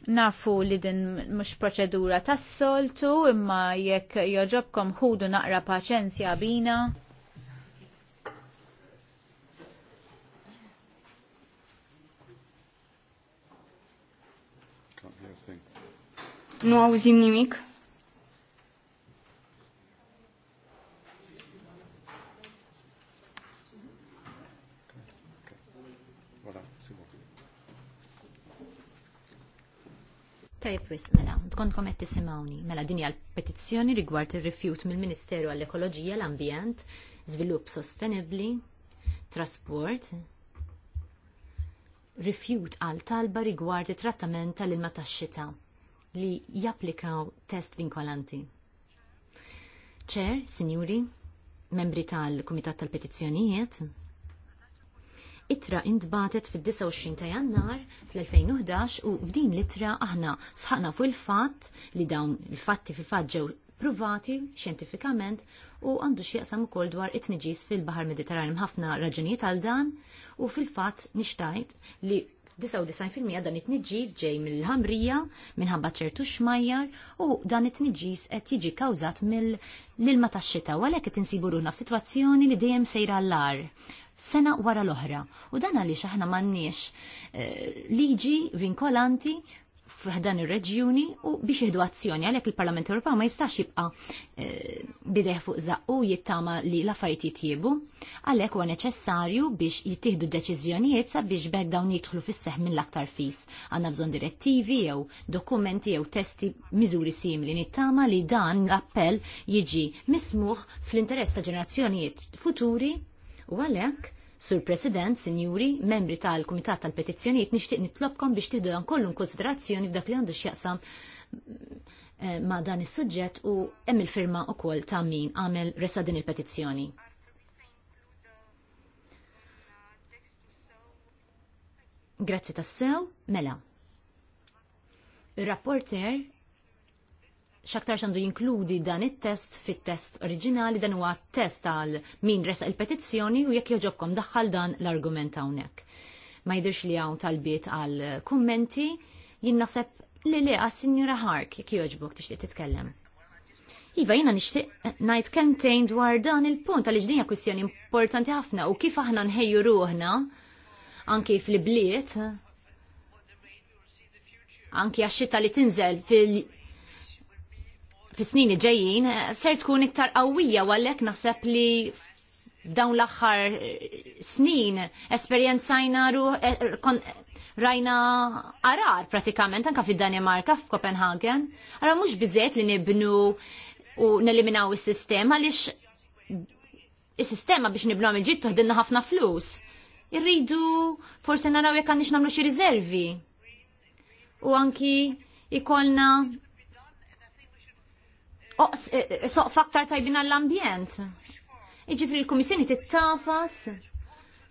Nafu li din mux proċedura tas soltu imma jekk joġobkom ħudu naqra paċenzja bina. Nu auzim nimic? Tajib wis, mela, tkunkom qed tisimgħuni. Mela din hija l-petizzjoni rigward ir-rifjut mill-Ministeru għall-Ekoloġija, l-Ambjent, Żvilupp Sostenibbli, Trasport, rifjut għal talba rigward it-trattament tal-ilma tax-xita li japplikaw test vinkolanti. Ċer, sinjuri, membri tal-Kumitat tal-Petizzjonijiet, Itra intbatet fid-29 ta' jannar fl-2011 u f'din l-itra aħna sħaqna fuq il-fatt li dawn il-fatti fil-fatt ġew pruvati xjentifikament u għandu xieqsam ukoll dwar it-tniġis fil-Bahar mediterran ħafna raġunijiet għal dan u fil-fatt nixtajt li 99% dan it-tniġis ġej mill-ħamrija minħabba ċertu xmajjar u dan it-tniġis qed jiġi kawżat mill-ilma tax-xita u għalhekk qed insibu ruħna f'sitwazzjoni li dejjem sejra l-ar sena wara l-oħra. U dan għaliex aħna m'għandniex eh, liġi vinkolanti f'dan ir-reġjuni u biex jieħdu azzjoni għalhekk il-Parlament Ewropew ma jistax jibqa' eh, bideħ fuq zaqqu jittama li l-affarijiet jitjiebu, għalhekk huwa neċessarju biex jittieħdu deċiżjonijiet sabiex bekk dawn jidħlu fis-seħ mill-aktar fis. Għandna bżonn direttivi jew dokumenti jew testi miżuri simili nittama li dan l-appell jiġi mismuħ fl-interess ta' ġenerazzjonijiet futuri U għalhekk, Sur President, Sinjuri, membri tal-Kumitat tal-Petizzjonijiet, nixtieq nitlobkom biex tiddu dan kollu konsiderazzjoni f'dak li għandu x'jaqsam eh, ma' dan is-suġġett u hemm il-firma wkoll ta' min għamel resa din il-petizzjoni. Grazzi tassew, mela. Il-rapporter xaktar xandu jinkludi dan it-test fit-test oriġinali dan huwa test għal min resa il-petizzjoni u jekk joġobkom daħħal dan l-argument hawnhekk. Ma jidirx li hawn talbiet għal kummenti, jien naħseb li li għas-Sinjura Hark jekk joġbok tixtieq titkellem. Iva, jina nishtiq najt kemtejn dwar dan il-punt għal ġdinja kwistjoni importanti ħafna u kif aħna nħejju ruħna anki fl-bliet anki xita li tinżel fil fis-snin ġejjin eh, ser tkun iktar qawwija u għalhekk naħseb li dawn l aħħar eh, snin esperjenzajna eh, rajna arar pratikament anka fid-Danimarka f'Kopenhagen. Ara mhux biżejt li nibnu u neliminaw is-sistema għaliex is-sistema biex nibnu għamil ġid toħdilna ħafna flus. Irridu forse naraw jekk għandix nagħmlu xi riservi. U anki ikolna Eh, eh, soqfa aktar tajbin għall-ambjent. Iġifri l-Komissjoni tittafas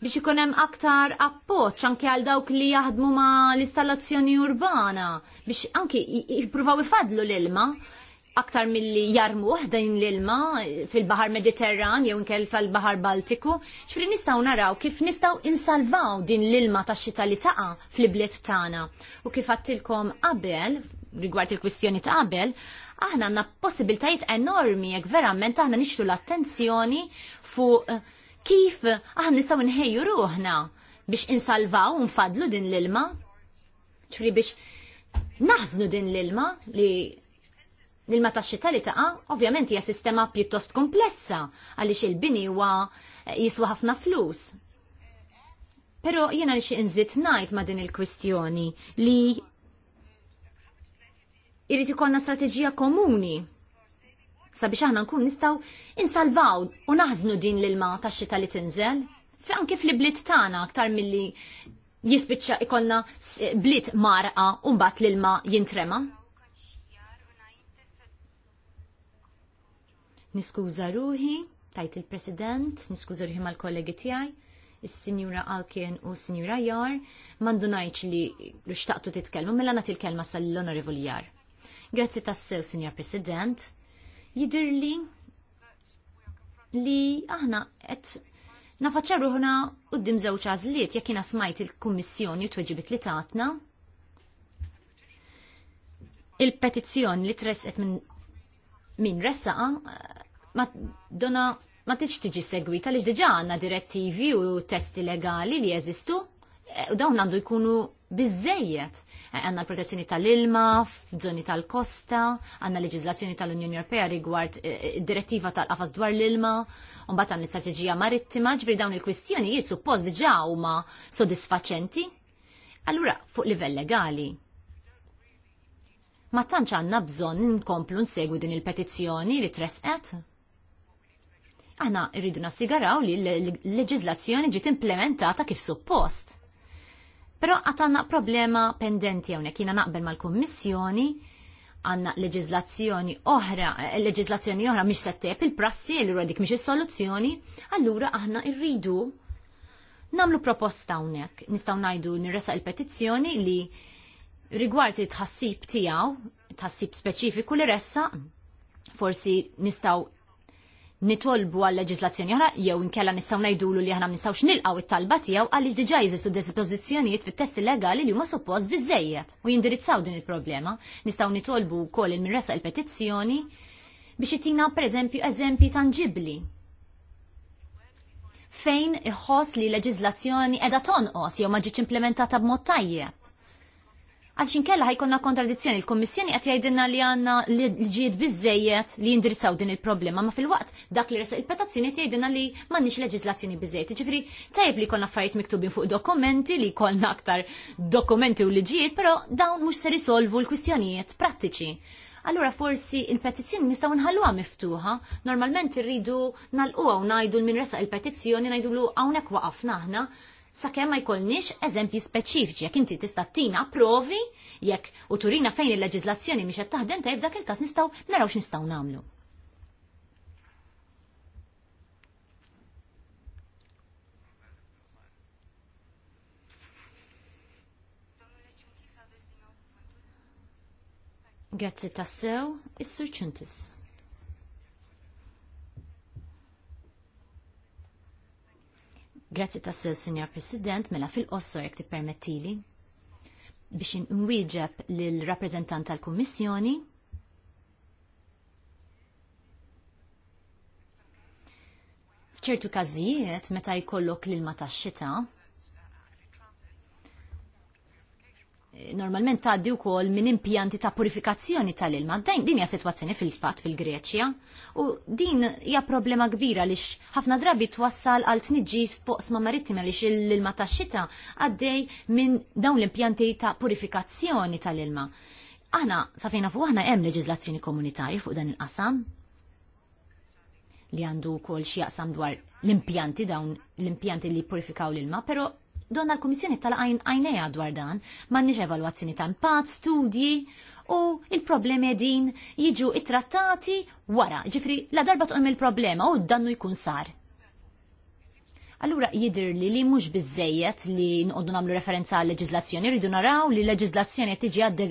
biex ikun hemm aktar appoġġ anke għal dawk li jaħdmu ma' l-installazzjoni urbana biex anke jippruvaw ifadlu l-ilma aktar milli jarmu din l-ilma eh, fil-Bahar Mediterran jew nkell fil-Bahar Baltiku, xfri nistgħu naraw kif nistgħu insalvaw din l-ilma tax-xita li taqa' fl bliet tagħna. U kif għattilkom qabel rigward il-kwistjoni ta' qabel, aħna għandna possibiltajiet enormi jekk verament aħna nixtu l-attenzjoni fuq eh, kif aħna nistgħu nħejju ruħna biex insalvaw nfadlu din l-ilma. Ċri biex naħznu din l-ilma li l-ilma ta' xita li ta' ovvjament hija sistema pjuttost komplessa għaliex il-bini huwa eh, jiswa ħafna flus. Pero jiena nixi nżid ngħid ma' din il-kwistjoni li irrid ikollna strateġija komuni sabiex aħna nkun nistgħu insalvaw u naħżnu din l-ilma tax-xita li tinżel. kif li blit tagħna aktar milli jispiċċa ikollna bliet marqa u mbagħad l-ilma jintrema. Niskuża ruħi, tajt il-President, niskuża ruħi mal-kollegi tiegħi il-Sinjura Alkien u s-Sinjura Jar, najċ li l-xtaqtu titkelmu, mela nat il-kelma sal-Onorevoli Jar. Grazzi tassew, Signor President. jidir li aħna qed nafaċċa ruħna qudiem żewġ għażliet jekk jiena smajt il-Kummissjoni u tweġibit li tatna. Il-petizzjoni li tresqet minn min ressaqa ma dona ma tiġ tiġi segwita li diġa għanna direttivi u testi legali li jeżistu e, u dawn għandu jkunu bizzejiet. Għanna protezzjoni tal-ilma, f'żoni tal-kosta, għanna leġizlazzjoni tal-Unjoni Ewropea rigward eh, eh, direttiva tal-qafas dwar l-ilma, mbagħad għandna l-istrateġija marittima, ġifieri dawn il-kwistjonijiet suppost diġà huma sodisfaċenti. Allura fuq livell legali. Ma tantx għandna bżonn nkomplu nsegwi din il-petizzjoni li tresqet? Aħna rridu nassigaraw li l-leġizlazzjoni ġiet implementata kif suppost Pero għatanna problema pendenti għawne, kina naqbel mal-kommissjoni, għanna leġizlazzjoni oħra, eh, leġizlazzjoni oħra miex settep il-prassi li rodik miex il-soluzzjoni, allura aħna irridu namlu proposta hawnhekk. Nistgħu ngħidu nirresa il-petizzjoni li rigward it-tħassib tiegħu, tħassib speċifiku li ressa, forsi nistgħu nitolbu għal leġislazzjoni oħra jew inkella nistgħu ngħidulu li aħna nistgħux nilqgħu it-talba tiegħu għaliex diġà jeżistu dispożizzjonijiet fit-testi legali li huma suppost biżejjed u jindirizzaw din il-problema. Nistgħu nitolbu wkoll il-mirresa l petizzjoni biex itina pereżempju eżempji tangibbli fejn iħoss li leġiżlazzjoni qiegħda tonqos jew ma ġietx implementata b'mod tajjeb Għalxin kella ħajkonna kontradizzjoni, il-Kommissjoni għat jajdinna li għanna l-ġiet bizzejiet li jindirizzaw din il-problema, ma fil wat dak li resa il-petazzjoni jajdinna li mannix leġizlazzjoni bizzejiet. Ġifri, tajb li konna affarijiet miktubin fuq dokumenti, li konna aktar dokumenti u liġijiet, pero dawn mux se risolvu l-kwistjonijiet prattiċi. Allura forsi il-petizzjoni nistgħu nħalluha miftuħa. Normalment irridu nalquha u ngħidu l min resa il-petizzjoni l-u hawnhekk waqafna aħna sakemm ma jkollniex eżempji speċifiċi jekk inti tista' tina provi jekk u turina fejn il-leġiżlazzjoni mhix qed taħdem tajb dak il-każ nistgħu naraw x'nistgħu nagħmlu. Grazzi tassew, is-surċuntis. Grazzi tassew, Signor President, mela fil-qossor jek permettili biex nwieġeb lill-rappreżentant tal-Kummissjoni. F'ċertu każijiet meta jkollok l-ilma tax-xita, normalment tgħaddi wkoll minn impjanti ta' purifikazzjoni tal-ilma. Din hija sitwazzjoni fil-fatt fil-Greċja u din hija problema kbira lix ħafna drabi twassal għal tniġġis sma marittima lix l-ilma tax-xita għaddej minn dawn l-impjanti ta' purifikazzjoni tal-ilma. Aħna safina fuq aħna hemm leġiżlazzjoni komunitarji fuq dan il-qasam li għandu kol xi jaqsam dwar l-impjanti dawn l-impjanti li purifikaw l-ilma, pero donna l-Komissjoni tal-għajneja dwar dan, m'għandniex evalwazzjoni ta' impatt, studji u il-problemi din jiġu it-trattati wara, ġifri la darba tqum il-problema u dannu jkun sar. Allura jidir li li mhux bizzejet li nqoddu nagħmlu referenza għal leġizlazzjoni, rridu naraw li leġizlazzjoni tiġi għad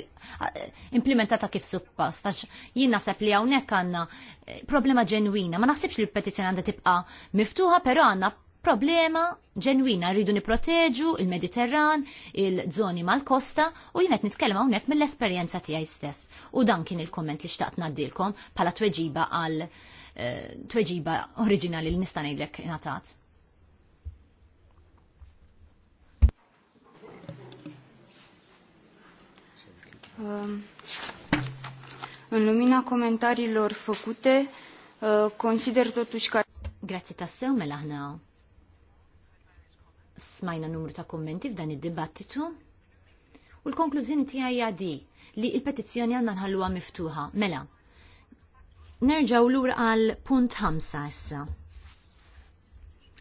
implementata kif suppost. jien naħseb li hawnhekk għandna eh, problema ġenwina, ma naħsibx li l-petizzjoni għandha tibqa' miftuħa, però għandna problema ġenwina rridu niproteġu il-Mediterran, il-żoni mal-kosta u qed nitkellem hawnhekk mill-esperjenza tiegħi stess. U dan kien il-komment li xtaqt ngħaddilkom bħala tweġiba għal eh, tweġiba oriġinali li nista' ngħidlek ingħatat. Um, în lumina comentariilor făcute, uh, consider totuși că... Grazie tassew me mela ħna smajna numru ta' kummenti f'dan id-dibattitu. U l-konklużjoni tiegħi hija di li l-petizzjoni għandna nħalluha miftuħa. Mela, nerġaw lura għal punt ħamsa issa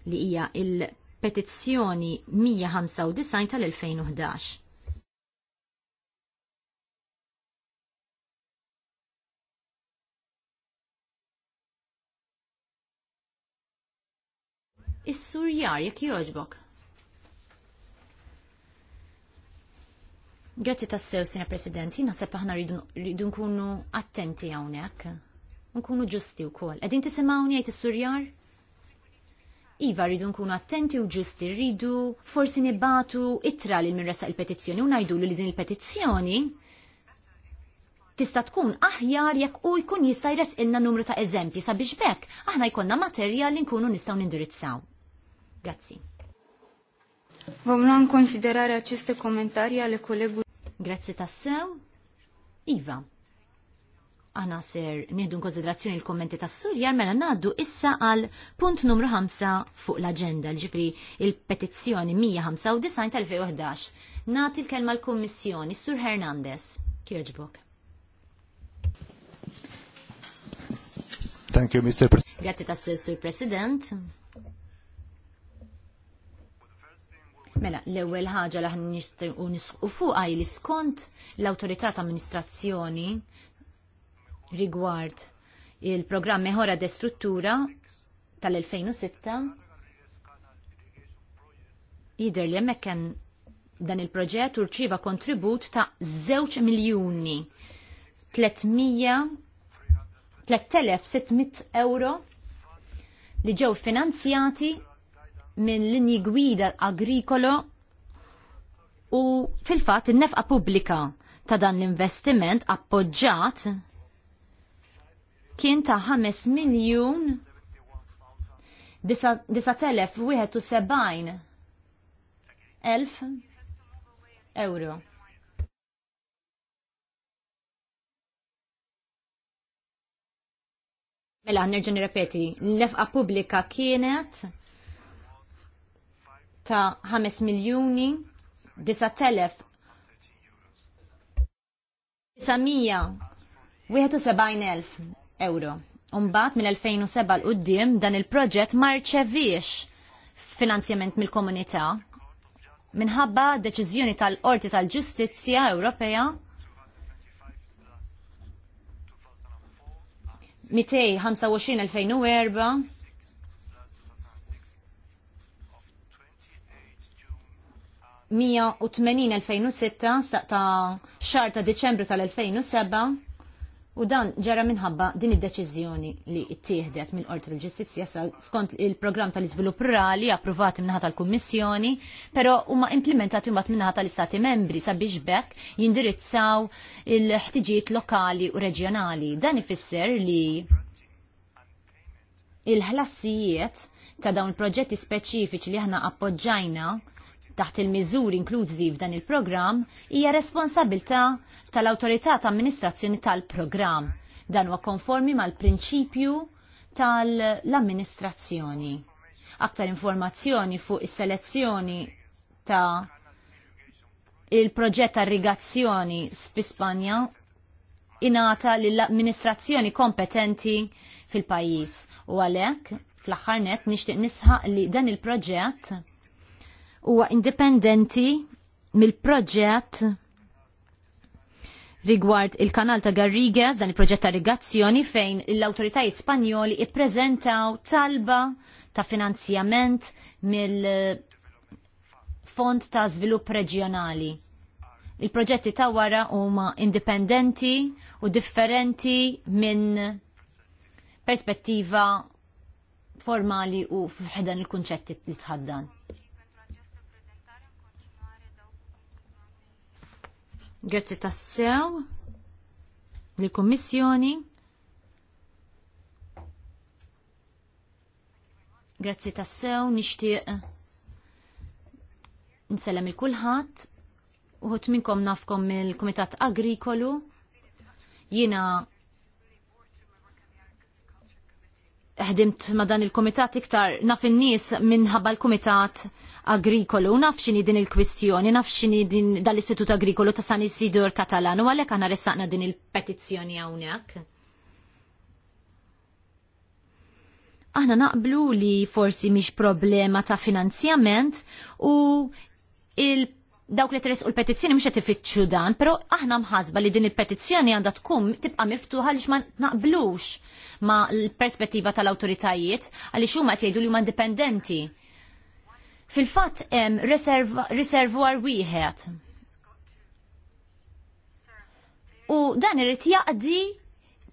li hija il-petizzjoni 195 tal-2011. Is-surjar jekk jogħġbok. Grazzi tassew, Sina President, jina sepp aħna rridu nkunu attenti għawnek, nkunu ġusti u kol. Għedin tisimawni għajt surjar Iva rridu nkunu attenti u ġusti, rridu forsi nibatu itra li mirresa il-petizzjoni u najdu li din il-petizzjoni tista' tkun aħjar jekk u jkun jista' jres ilna numru ta' eżempji sabiex bekk aħna jkollna materjal li nkunu nistgħu nindirizzaw. Grazzi. Vom lua considerare aceste comentarii ale colegului. Grazzi tassew. Iva. Aħna ser nieħdu konsiderazzjoni l-kommenti tas Surjar mela ngħaddu issa għal punt numru 5 fuq l l ġifri il-petizzjoni 195 tal-2011. Nagħti l-kelma l-Kummissjoni, Sur Hernandez. Kieġbok. Thank you, Mr. President. Grazie tas Sur President. Mela, l-ewwel ħaġa li ħan nisqu fuqha li skont l-awtorità ta' amministrazzjoni rigward il-programm meħora de struttura tal-2006 jidher li hemmhekk hemm dan il-proġett urċiva kontribut ta' 2 miljuni 300 3600 euro li ġew finanzjati minn linji gwida agrikolo u fil-fat in-nefqa pubblika ta' dan l-investiment appoġġat kien ta' 5 miljun 9,071 elf euro. Mela, nerġa nirrepeti, l-nefqa pubblika kienet ta' 5 miljuni 971,000 euro. Umbat mill-2007 l-qoddim dan il-proġett ma rċeviex finanzjament mill-komunità minħabba deċiżjoni tal-Qorti tal-Ġustizzja Ewropea 225-2004 180-2006 ta' xar ta' Deċembru tal-2007 u dan ġara minħabba din id-deċiżjoni li ttieħdet mill-Qorti tal-Ġustizzja skont il-programm tal-iżvilupp rurali approvat minnaħa tal-Kummissjoni, però huma implementati mbagħad minnaħa tal-Istati membri sabiex bekk jindirizzaw il-ħtiġijiet lokali u reġjonali. Dan ifisser li il-ħlassijiet ta' dawn il proġetti speċifiċi li aħna appoġġajna taħt il-miżuri inklużi f'dan il-programm hija responsabilità tal-awtorità ta' amministrazzjoni tal-programm. Dan huwa konformi mal-prinċipju tal-amministrazzjoni. Aktar informazzjoni fuq is-selezzjoni ta' il-proġett irrigazzjoni f'Ispanja inata lill-amministrazzjoni kompetenti fil-pajjiż u għalhekk fl-aħħar net nixtieq nisħaq li dan il-proġett huwa indipendenti mill-proġett rigward il-kanal ta' Garrigues, dan il-proġett ta' rigazzjoni fejn l-autoritajiet spanjoli ippreżentaw talba ta' finanzjament mill-Fond ta' żvilupp Reġjonali. Il-proġetti ta' wara huma indipendenti u differenti minn perspettiva formali u f'ħedan il-kunċetti li tħaddan. Grazzi tassew l-Kommissjoni. Grazzi tassew nixtieq nsellem il-kulħadd uħut minkom nafkom mill-Kumitat Agrikolu. Jiena ħdimt ma dan il-komitat iktar naf in-nies minħabba l-komitat agrikolu, naf xini din il-kwistjoni, naf xini din dal-Istitut Agrikolu ta' San Isidor Katalan, u għalhekk aħna ressaqna din il-petizzjoni hawnhekk. Aħna naqblu li forsi mhix problema ta' finanzjament u il- dawk li tres u l-petizzjoni mhux qed ifittxu dan, però aħna mħasba li din il-petizzjoni għandha tkun tibqa' miftuħa għaliex ma naqblux ma l-perspettiva tal-awtoritajiet għaliex huma qed li huma indipendenti. Fil-fatt hemm riservwar wieħed. U dan irid jaqdi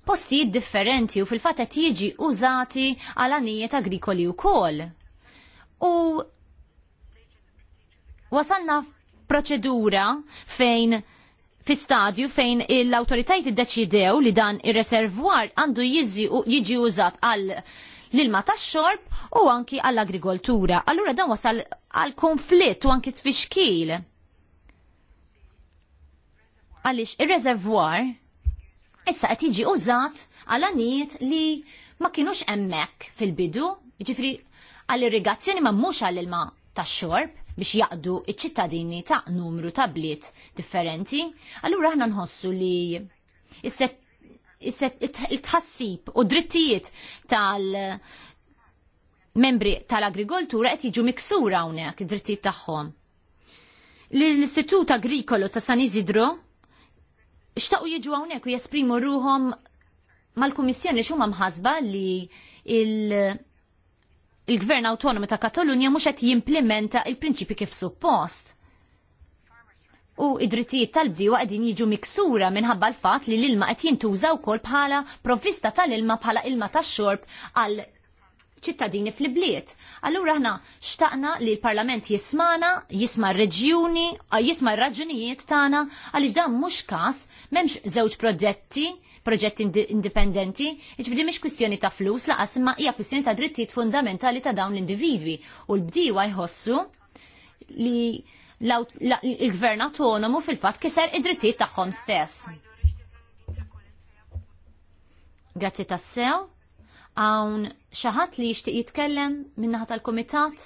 postijiet differenti u fil-fatt qed jiġi użati għal anijiet agrikoli wkoll. U wasalna proċedura fejn fi stadju fejn l-autoritajt iddeċidew li dan ir-reservwar għandu jiġi użat għal l-ilma tax xorb u anki għall-agrikoltura. Allura dan wasal għal konflitt u anki t-fiskil. Għalix ir-reservwar issa qed jiġi użat għal għaniet li ma kienux hemmhekk fil-bidu, jiġifieri għall-irrigazzjoni ma mhux għall-ilma tax xorb biex jaqdu iċ-ċittadini ta' numru ta' bliet differenti, allura aħna nħossu li il-tħassib u drittijiet tal- membri tal-agrikoltura qed jiġu miksura hawnhekk id-drittijiet tagħhom. L-Istitut Agrikolo ta' San Isidro xtaqu jiġu hawnhekk u jesprimu ruhom mal-Kummissjoni x'huma mħasba li il- il-Gvern Autonomi ta' Katalunja mhux qed jimplementa il-prinċipi kif suppost. U id-drittijiet tal-bdiewa qegħdin jiġu miksura minħabba l-fatt li l-ilma qed jintuża wkoll bħala provvista tal-ilma bħala ilma tax-xorb għal ċittadini fl-bliet. Allura ħna xtaqna li l-Parlament jismana, jisma r-reġjuni, jisma r-raġunijiet tagħna għaliex dan mhux każ m'hemmx żewġ proġetti, proġetti indipendenti, jiġifieri mhix kwistjoni ta' flus laqas imma hija kwistjoni ta' drittijiet fundamentali ta' dawn l-individwi u l-bdiewa jħossu li l gvern autonomu fil-fatt kiser id-drittijiet tagħhom stess. Grazzi tassew. Hawn xi ħadd li jixtieq jitkellem min-naħa tal-kumitat?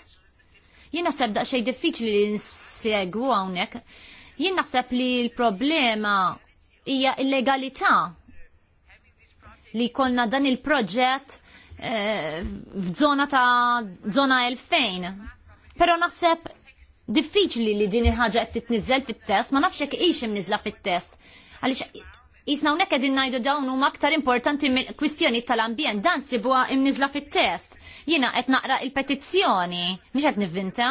Jien naħseb daqxej diffiċli li nsegwu hawnhekk. Jien naħseb li l-problema hija illegalità li jkollna dan il-proġett eh, f'żona ta' zona 2000. Pero naħseb diffiċli li din il-ħaġa qed titniżel fit-test, ma nafx hekk hix imniżla fit-test. Għaliex Isna unek edin najdu dawn u maktar importanti mill kwistjoni tal-ambjent, dan sibuwa imnizla fit-test. Jina qed naqra il-petizzjoni, miex qed nivvinta.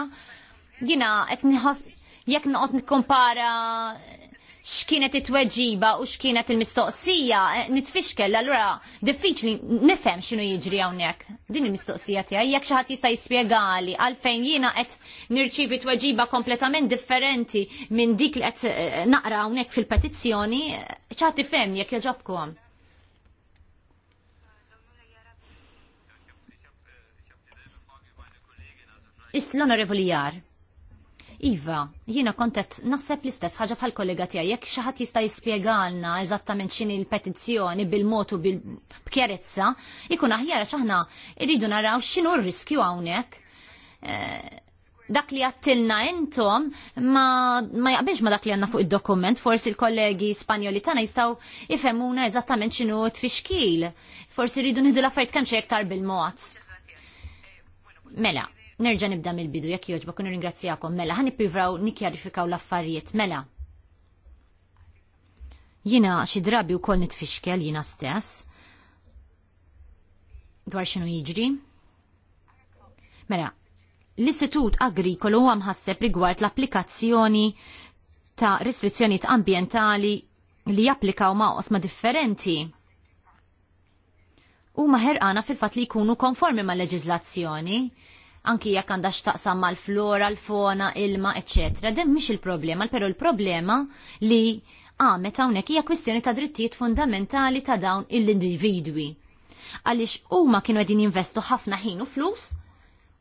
Jina qed nħoss jekk noqgħod nikkompara x'kienet it-tweġiba u x'kienet il-mistoqsija eh, nitfixkel allura diffiċli nifhem x'inhu jiġri hawnhekk. Din il-mistoqsija tiegħi jekk xi ħadd jista' jispjegali għalfejn jiena qed nirċievi tweġiba kompletament differenti minn dik li qed eh, naqra hawnhekk fil-petizzjoni, eh, xi ħadd ifhem jekk jaġobkom. Is l-onorevoli jar. Iva, jina kontet naħseb l-istess ħaġa bħal kollega tiegħi jekk xi ħadd jista' jispjegalna eżattament x'inhi l-petizzjoni bil-mod u bil-bkjerezza, ikun aħjar għax aħna rridu naraw x'inhu r-riskju hawnhekk. Eh, dak li għattilna intom ma, ma jaqbilx ma dak li għanna fuq id-dokument, forsi l-kollegi spanjoli tana jistaw ifemmuna eżattament x'inhu t-fixkil. Forsi rridu nħidu l-affarijiet kemm xi iktar bil-mod. Mela, Nerġa' nibda mill-bidu jekk jogħġbok kunu ringrazzjakom mela ħan nippivraw nikjarifikaw l-affarijiet mela. Jina xi drabi wkoll nitfixkel jina stess dwar xinu jiġri. Mela, l-Istitut Agrikolu huwa mħasseb rigward l-applikazzjoni ta' restrizzjonijiet ambjentali li japplikaw ma' osma differenti. U maħer ħerqana fil-fat li jkunu konformi ma' leġizlazzjoni anki jekk għandha x'taqsam mal-flora, l-fona, ilma, eċetera, Dem mhix il-problema, però l-problema li għamet hawnhekk hija kwistjoni ta' drittijiet fundamentali ta' dawn l-individwi. Għaliex huma kienu qegħdin jinvestu ħafna ħin u flus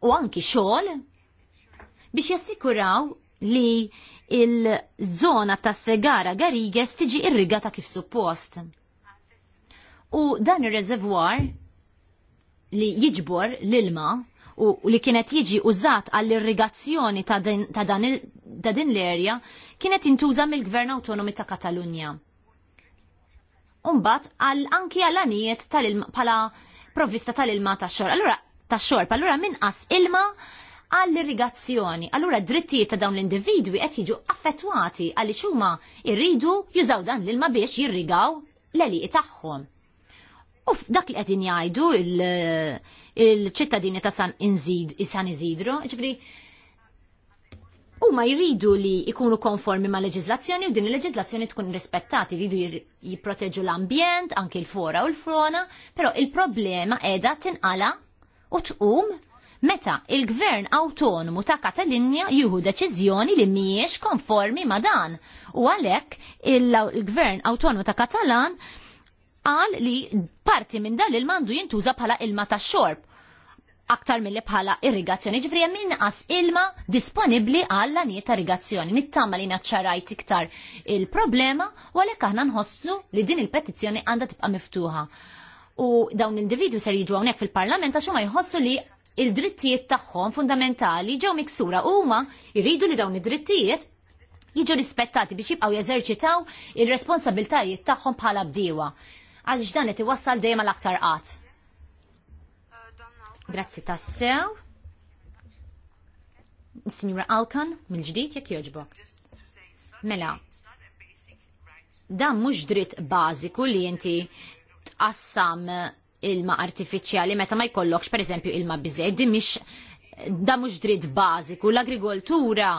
u anki xogħol biex jassikuraw li il-żona tas segara gariges tiġi irrigata kif suppost. U dan ir-reservoir li jiġbor l-ilma u li kienet jiġi użat għall-irrigazzjoni ta' din l-erja kienet intuża mill-Gvern Awtonomi ta' Katalunja. Umbat għal anki għal anijiet tal-ilma pala provvista tal-ilma ta' xor. Allura ta' xor, allura minqas ilma għall-irrigazzjoni. Allura drittijiet ta' dawn l-individwi qed jiġu affettwati għaliex huma irridu jużaw dan l-ilma biex jirrigaw l-eliqi tagħhom. U f'dak li għedin jgħidu il-ċittadini ta' San Inżid, San Isidro, ġifri, huma jridu li jkunu konformi ma' leġizlazzjoni u din il-leġiżlazzjoni tkun rispettati, jridu jipproteġu l-ambjent, anki l-fora u l-frona, però il-problema qiegħda tinqala u tqum meta il-gvern autonomu ta' Katalinja juhu deċiżjoni li mhijiex konformi ma' dan. U għalhekk il-gvern autonomu ta' Katalan qal li parti minn dan il-mandu jintuża bħala ilma ta' xorb aktar mill-li bħala irrigazzjoni. Ġifri hemm inqas ilma disponibbli għal lanijiet ta' irrigazzjoni. Nittama li naċċarajt iktar il-problema u għalhekk aħna nħossu li din il-petizzjoni għandha tibqa' miftuħa. U dawn l-individwi ser jiġu hawnhekk fil-Parlament għaxu ma jħossu li il-drittijiet tagħhom fundamentali ġew miksura huma jridu li dawn id-drittijiet jiġu rispettati biex jibqgħu jeżerċitaw ir-responsabiltajiet tagħhom bħala bdiewa għaliex dan qed iwassal dejjem l-aktar qatt. Grazzi tassew. Signora Alkan, mill-ġdid jekk jogħġbok. Mela, dan mhux dritt bażiku li inti tqassam ilma artifiċjali meta ma jkollokx pereżempju ilma biżejjed, di mhix da mhux dritt bażiku l-agrikoltura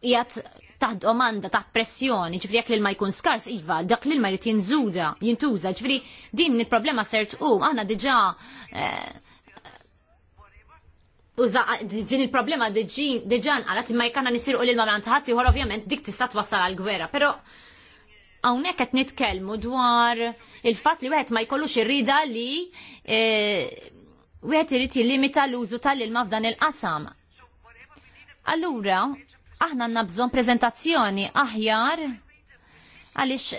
jgħat ta' domanda, ta' pressjoni, ġifri jekk l-ilma jkun skars, iva, dak l-ilma jrid jinżuda, jintuża, ġifri din il-problema sert u, aħna diġa eh, uża din il-problema diġan għalat imma jkanna nisir u l-ilma minn taħat ieħor ovvjament dik tista' twassal għal gwera, però hawnhekk qed nitkellmu dwar il-fatt li wieħed ma jkollux irrida li eh, wieħed irid jillimita l-użu tal-ilma f'dan il-qasam. Allura, aħna nabżon prezentazzjoni aħjar għaliex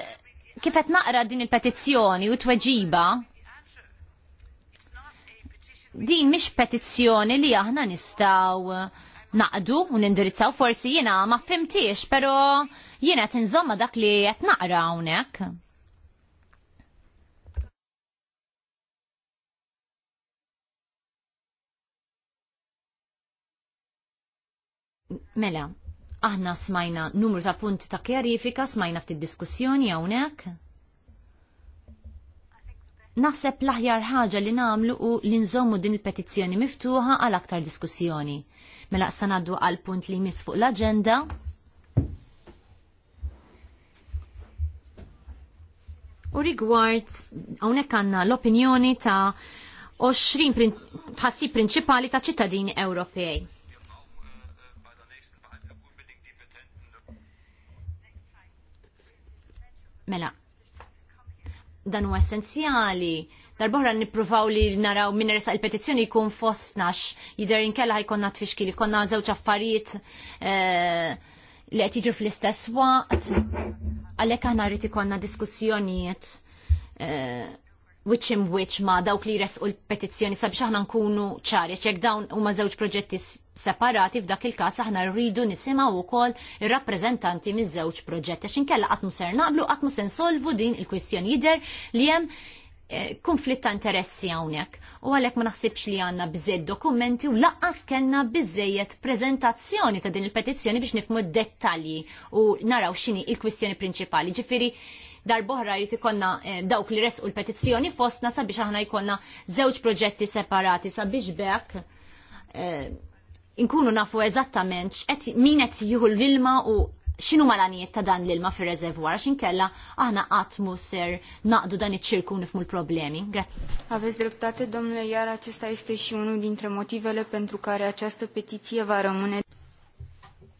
kif qed naqra din il-petizzjoni u tweġiba din mhix petizzjoni li aħna nistgħu naqdu u nindirizzaw forsi jiena ma fimtiex, pero jina tinżomma dak li qed naqra hawnhekk. Mela, Aħna smajna numru ta' punti ta' kjarifika, smajna ftit diskussjoni hawnhekk. Naħseb l-aħjar ħaġa li nagħmlu u li nżommu din il-petizzjoni miftuħa għal aktar diskussjoni. Mela sanaddu għal punt li jmiss fuq l-aġenda. U rigward hawnhekk għandna l-opinjoni ta' 20 tħassib prinċipali ta' ċittadini Ewropej Mela, dan huwa essenzjali. Darbohra nippruvaw li naraw minn resa il-petizzjoni jkun fostnax jidher inkella ħajkonna tfixki li konna żewġ affarijiet eh, li qed jiġu fl-istess waqt. Għalhekk aħna rriti ikollna diskussjonijiet eh, which in which ma dawk li resqu l-petizzjoni sabiex aħna nkunu ċari, ċek dawn huma żewġ proġetti separati f'dak il-każ aħna rridu nisimgħu wkoll ir-rappreżentanti miż-żewġ proġetti għax inkella qatt ser naqblu qatt mhu se nsolvu din il-kwistjoni jidher li hemm eh, konflitt ta' interessi hawnhekk. U għalhekk ma naħsibx li għandna biżejjed dokumenti u laqqas kellna biżejjed preżentazzjoni ta' din il-petizzjoni biex nifmu d-dettalji u naraw x'inhi il-kwistjoni prinċipali. Ġifieri darboħra jrid ikonna eh, dawk li resqu l-petizzjoni fostna sabiex aħna jkollna żewġ proġetti separati sabiex bekk eh, inkunu nafu eżattament min qed jieħu l-ilma u xinu malanijiet ta' dan l-ilma fir reservwar xin kella aħna għatmu ser naqdu dan iċ-ċirku nifmu l-problemi. Aveți dreptate, domnule, iar acesta este și unul dintre motivele pentru care această petiție va rămâne.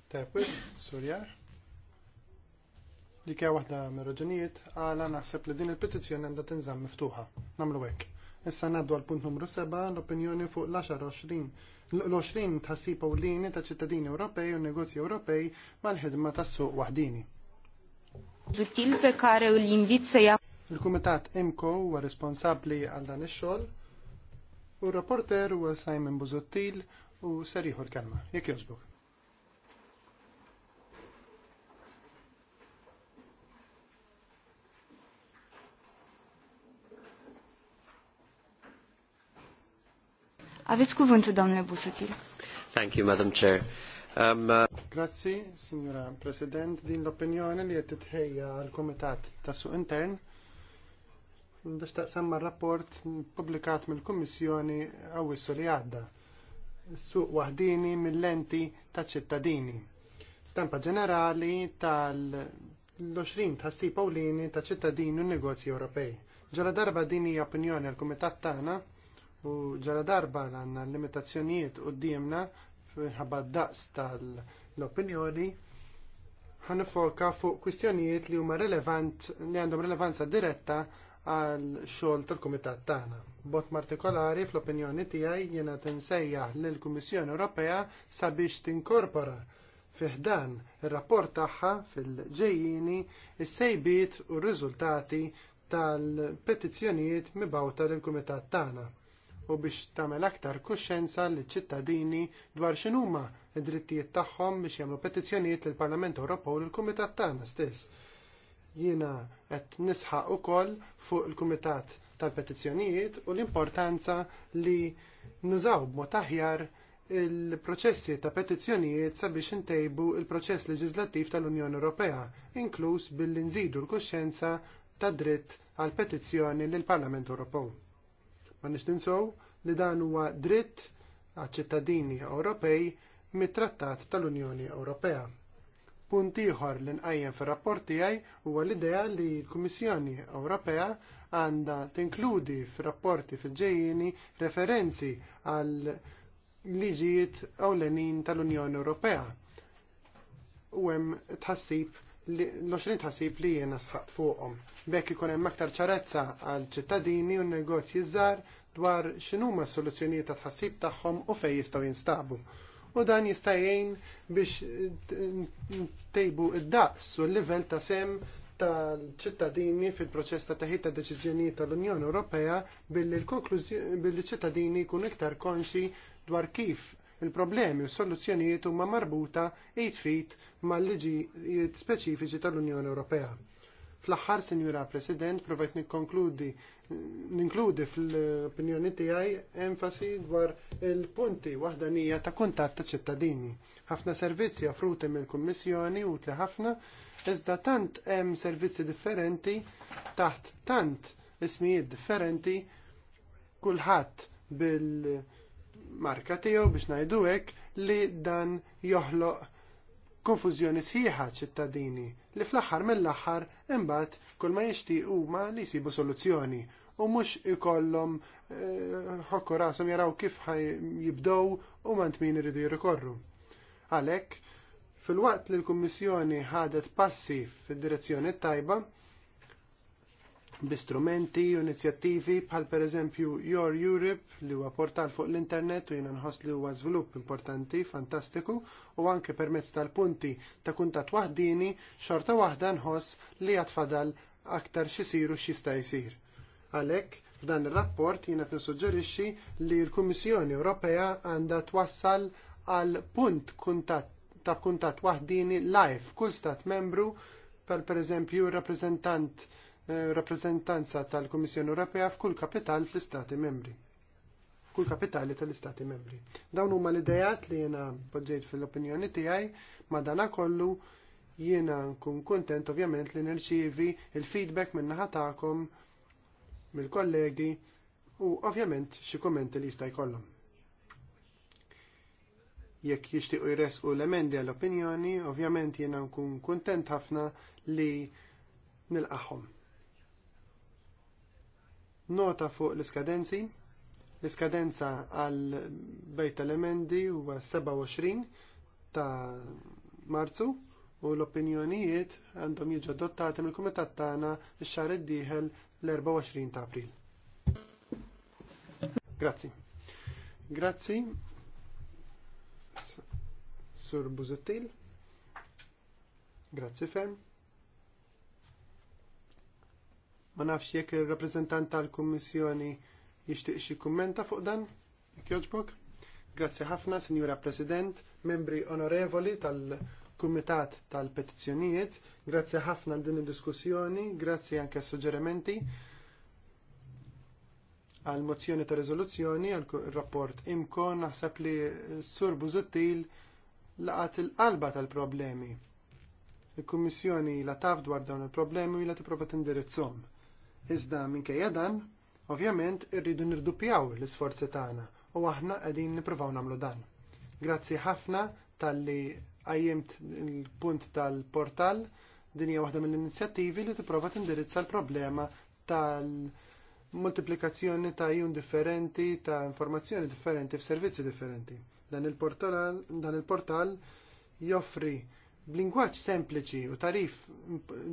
Te-a pus, Suriar? Dik hija waħda mir raġunijiet għala naħseb li din il-petizzjoni għandha tinżamm miftuħa. Nagħmlu hekk. Issa ngħaddu għal punt numru 7 l-opinjoni fuq l-10 l-20 tħassib ewlieni ta' ċittadini Ewropej u negozji Ewropej mal-ħidma tas-suq waħdini. Zuttil pekare u l-indizzja. Il-Kumitat IMCO huwa responsabbli għal dan ix-xogħol u r-rapporter huwa Simon Busuttil u ser jieħu l-kelma. Jekk jogħġbok. Aveți cuvântul, domnule Busutil. Thank you, Madam Chair. Um, uh... Grazzi, signora President. Din l-opinjoni li jett tħejja għal-Komitat ta' Suq Intern biex samma rapport publikat mill komissjoni għawissu li għadda. Suq wahdini mill-lenti ta' ċittadini. Stampa ġenerali tal-20 tħassib Paulini ta' ċittadini u negozji Ewropej. Ġala darba din hija opinjoni għal-Kumitat tagħna U ġara darba għandna limitazzjonijiet u d-diemna ħabba daqs tal-opinjoni ħanifoka fuq kwistjonijiet li huma relevant li għandhom relevanza diretta għal xogħol tal-Kumitat tagħna. Bot partikolari fl-opinjoni tiegħi jiena tinsejjaħ lill kummissjoni Ewropea sabiex tinkorpora fiħdan ir-rapport tagħha fil-ġejjini is-sejbiet u r-riżultati tal-petizzjonijiet mibgħuta lill kumitat tagħna u biex tagħmel aktar kuxxenza liċ ċittadini dwar x'inhuma id-drittijiet tagħhom biex jagħmlu petizzjonijiet lill Parlament Ewropew u lill kumitat tagħna stess. Jiena qed nisħaq ukoll fuq il-Kumitat tal-Petizzjonijiet u l-importanza li nużaw b'mod aħjar il-proċessi ta' petizzjonijiet sabiex intejbu l proċess leġislattiv tal-Unjoni Ewropea, inkluż billi nżidu l-kuxjenza tad dritt għal petizzjoni lill Parlament Ewropew. Ma nix ninsow li dan huwa dritt għaċ-ċittadini Ewropej mit-Trattat tal-Unjoni Ewropea. Punt ieħor li nqajjem fir-rapport tiegħi huwa l-idea li l-Kummissjoni Ewropea għandha tinkludi fir-rapporti fil-ġejjini referenzi għal liġijiet ewlenin tal-Unjoni Ewropea. U hemm tħassib l-20 tħassib li jiena sħat fuqhom. Bekk ikun hemm aktar ċarezza għal ċittadini u negozji zzar dwar x'inhuma s-soluzzjonijiet ta' tħassib tagħhom u fejn jistgħu jinstabu. U dan jista' biex tejbu id-daqs u l-livell ta' sem tal-ċittadini fil-proċess ta' taħid ta' deċiżjonijiet tal-Unjoni Ewropea billi l-ċittadini jkunu iktar konxi dwar kif Il-problemi u s-soluzzjonijiet huma marbuta jitfit fit mal-liġijiet speċifiċi tal-Unjoni Ewropea. Fl-aħħar, Sinjura President, provajt nikkonkludi ninkludi fl-opinjoni tiegħi enfasi dwar il-punti waħdanija ta' kuntatt ta' ċittadini. Ħafna servizzi offruti mill-Kummissjoni u tli ħafna, iżda tant hemm servizzi differenti taħt tant ismijiet differenti kulħadd bil- marka tiegħu biex ngħidu hekk li dan joħloq konfużjoni sħiħa ċittadini li fl-aħħar mill-aħħar imbagħad kull ma jixtieq huma li jsibu soluzzjoni u mhux ikollhom eh, ħokku rashom jaraw kif jibdew u mant min iridu jirrikorru. Għalhekk, fil-waqt li l-Kummissjoni ħadet passi fid-direzzjoni tajba, bistrumenti u inizjattivi bħal pereżempju Your Europe li huwa portal fuq l-internet u jiena nħoss li huwa żvilupp importanti, fantastiku u anke permezz tal-punti ta' kuntat waħdini xorta waħda nħoss li għatfadal aktar xisiru x'jista' jsir. Għalhekk f'dan ir-rapport jiena qed nissuġġerixxi li l-Kummissjoni Ewropea għandha twassal għal punt kuntat ta' kuntat waħdini live kull stat membru per pereżempju rappreżentant rappreżentanza tal-Kummissjoni Ewropea f'kull kapital fl-Istati membri. F'kull kapitali tal-Istati membri. Dawn huma l-idejat li jiena poġġejt fil-opinjoni tiegħi madanakollu jiena nkun kuntent ovvjament li nirċievi il-feedback min naħa tagħkom mill-kollegi u ovvjament xi kummenti li jista' jkollhom. Jekk jixtiequ jresqu l-emendi għall-opinjoni, ovvjament jiena nkun kuntent ħafna li nilqahom. Nota fuq l-iskadenzi. L-iskadenza għal bejt tal-emendi huwa 27 ta' Marzu u l-opinjonijiet għandhom jiġu adottati mill-Kumitat tagħna x-xahar id-dieħel l-24 ta' April. Grazzi. Grazzi. Sur Buzuttil. Grazzi ferm. Ma nafx jekk il-rappresentant tal-Kummissjoni jixtieq xi kummenta fuq dan? Kjoġbok? Grazzi ħafna, Sinjura President, membri onorevoli tal-Kumitat tal-Petizzjonijiet, grazzi ħafna għal din id-diskussjoni, grazzi anke għas suġġerimenti għal mozzjoni ta' riżoluzzjoni għal rapport imko naħseb li Sur Buzuttil laqat il-qalba tal-problemi. Il-Kummissjoni la taf dwar dawn il-problemi u la tipprova tindirizzhom. Iżda minkejja dan, ovvjament irridu nirdupjaw l-isforzi tagħna u aħna qegħdin nippruvaw nagħmlu dan. Grazzi ħafna talli għajjimt il-punt tal-portal din hija waħda mill-inizjattivi li tipprova tindirizza l-problema tal-multiplikazzjoni ta' jun differenti ta' informazzjoni differenti f'servizzi differenti. Dan il-portal il joffri B'lingwaġġ sempliċi u tarif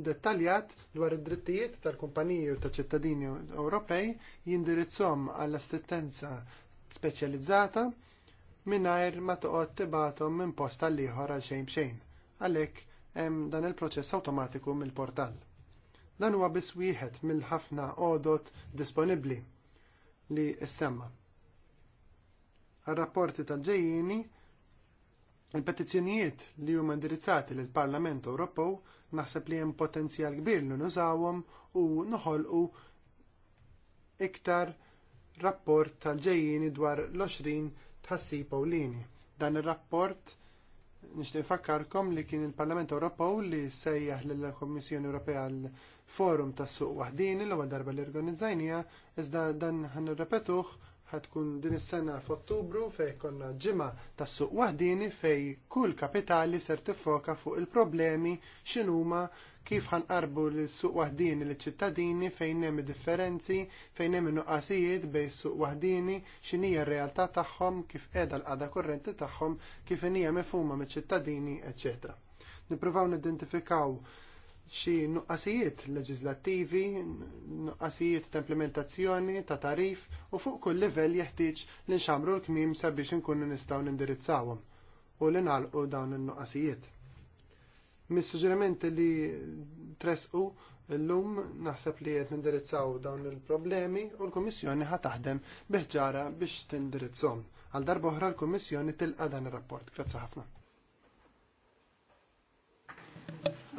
dettaljat dwar id-drittijiet tal-kumpaniji u tal-ċittadini Ewropej jindirizzhom għall-assistenza speċjalizzata mingħajr ma toqgħod tibatom minn post għal ieħor għal xejn b'xejn. Għalhekk hemm dan il-proċess awtomatiku mill-portal. Dan huwa biss wieħed mill-ħafna għodot disponibbli li s-semma. Ar-rapporti tal-ġejjini Il-petizzjonijiet li huma indirizzati lill parlament Ewropew naħseb li hemm potenzjal kbir li nużawhom u noħolqu iktar rapport tal-ġejjini dwar l-20 tħassib Pawlini. Dan ir-rapport nixtieq nfakkarkom li kien il-Parlament Ewropew li sejjaħ lill kummissjoni Ewropea l forum tas-suq waħdini l-ewwel darba li organizzajnija iżda dan ħan nirrepetuh ħatkun din is-sena f'Ottubru fejn konna ġimgħa tas-suq waħdini fejn kull kapitali ser tiffoka fuq il-problemi x'inhuma kif ħanqarbu l-suq waħdini liċ ċittadini fejn hemm differenzi, fejn hemm nuqqasijiet bejn suq waħdini, x'inhija r-realtà tagħhom, kif qiegħda l-qada kurrenti tagħhom, kif hija mifhuma miċ-ċittadini, eċċetera. Nippruvaw nidentifikaw xi nuqqasijiet leġislattivi, nuqqasijiet ta' implementazzjoni, ta' tarif u fuq kull livell jeħtieġ li nxamru l-kmim sabiex inkunu nistgħu nindirizzawhom u li nagħlqu dawn in-nuqqasijiet. Mis-suġġerimenti li tresqu llum naħseb li qed nindirizzaw dawn il-problemi u l-Kummissjoni ħa taħdem biħġara biex tindirizzhom. Għal darba oħra l-Kummissjoni tilqa dan ir-rapport. Grazzi ħafna.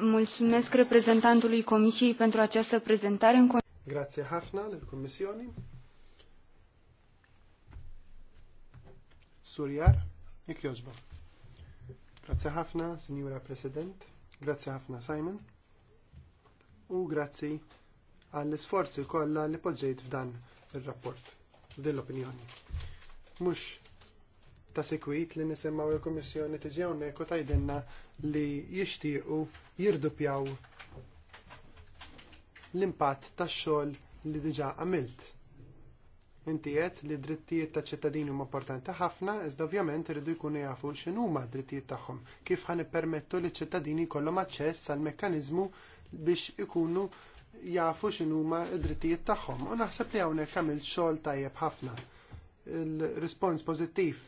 Mulțumesc reprezentantului Comisiei pentru această prezentare. În... Grazie ħafna lill kommissjoni Surjar, jek jozba. Grazie ħafna, Signora President. Grazie ħafna, Simon. U grazzi għall-sforzi kollha li poġġejt f'dan ir-rapport, f'din l-opinjoni. Mhux ta' sekwit li nisimgħu il-Kummissjoni tiġi hawnhekk u tgħidilna li jixtiequ jirdupjaw l-impatt tax-xogħol li diġà għamilt. Inti qed li drittijiet taċ ċittadini huma importanti ħafna, iżda ovvjament irridu jkunu jafu x'inhuma d-drittijiet tagħhom, kif ħan ippermettu li ċittadini jkollhom aċċess għal mekkaniżmu biex ikunu jafu x'inhuma d-drittijiet tagħhom. U naħseb li hawnhekk għamilt xogħol tajjeb ħafna. Il-rispons pożittiv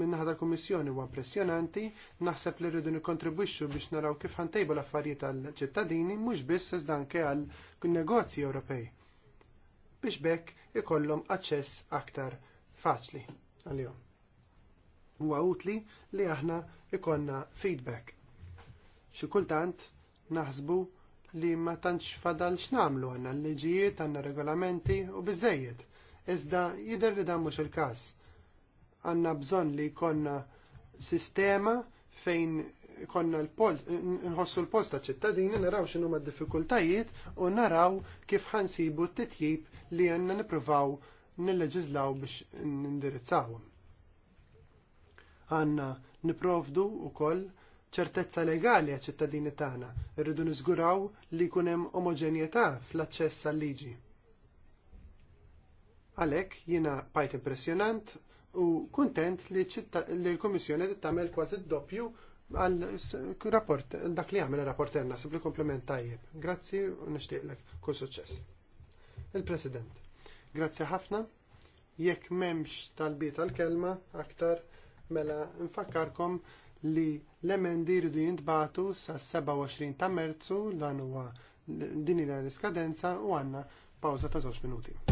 minnaħa tal-Kummissjoni huwa impressjonanti, naħseb li rridu nikkontribwixxu biex naraw kif ħantejbu l-affarijiet għall-ċittadini mhux biss iżda anke għall-negozji Ewropej. Biex bekk ikollhom aċċess aktar faċli għalihom. Huwa utli li aħna ikonna feedback. Xi kultant naħsbu li ma tantx fadal x'namlu għandna l-liġijiet, għandna regolamenti u biżejjed. Iżda jidher li dan mhux il-każ għanna bżonn li jkollna sistema fejn konna l-post, nħossu l-post ta' ċittadini, naraw xinu ma' diffikultajiet u naraw kif ħansibu t-titjib li għanna nipruvaw nil-leġizlaw biex nindirizzawum. Għanna niprovdu u koll ċertezza legali għal ċittadini tagħna, irridu niżguraw li jkun hemm fl-aċċess għal-liġi. Għalhekk jiena bajt impressjonant u kuntent li l-Komissjoni tagħmel kważi d-doppju għal rapport dak li għamel rapport għanna, li komplement tajjeb. Grazzi u nixtieqlek kull suċċess. Il-President, grazzi ħafna. Jekk m'hemmx talbi tal-kelma aktar mela nfakkarkom li l-emendi rridu jintbagħtu sa 27 ta' Merzu l-għan huwa din l-iskadenza u għandna pawza ta' żewġ minuti.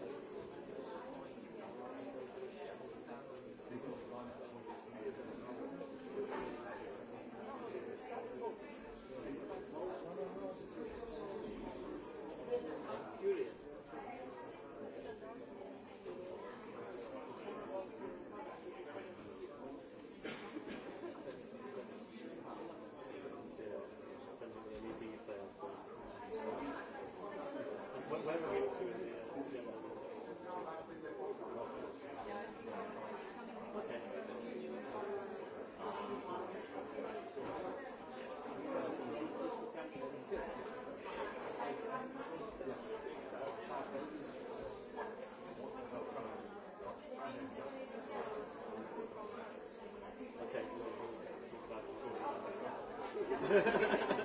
Okay.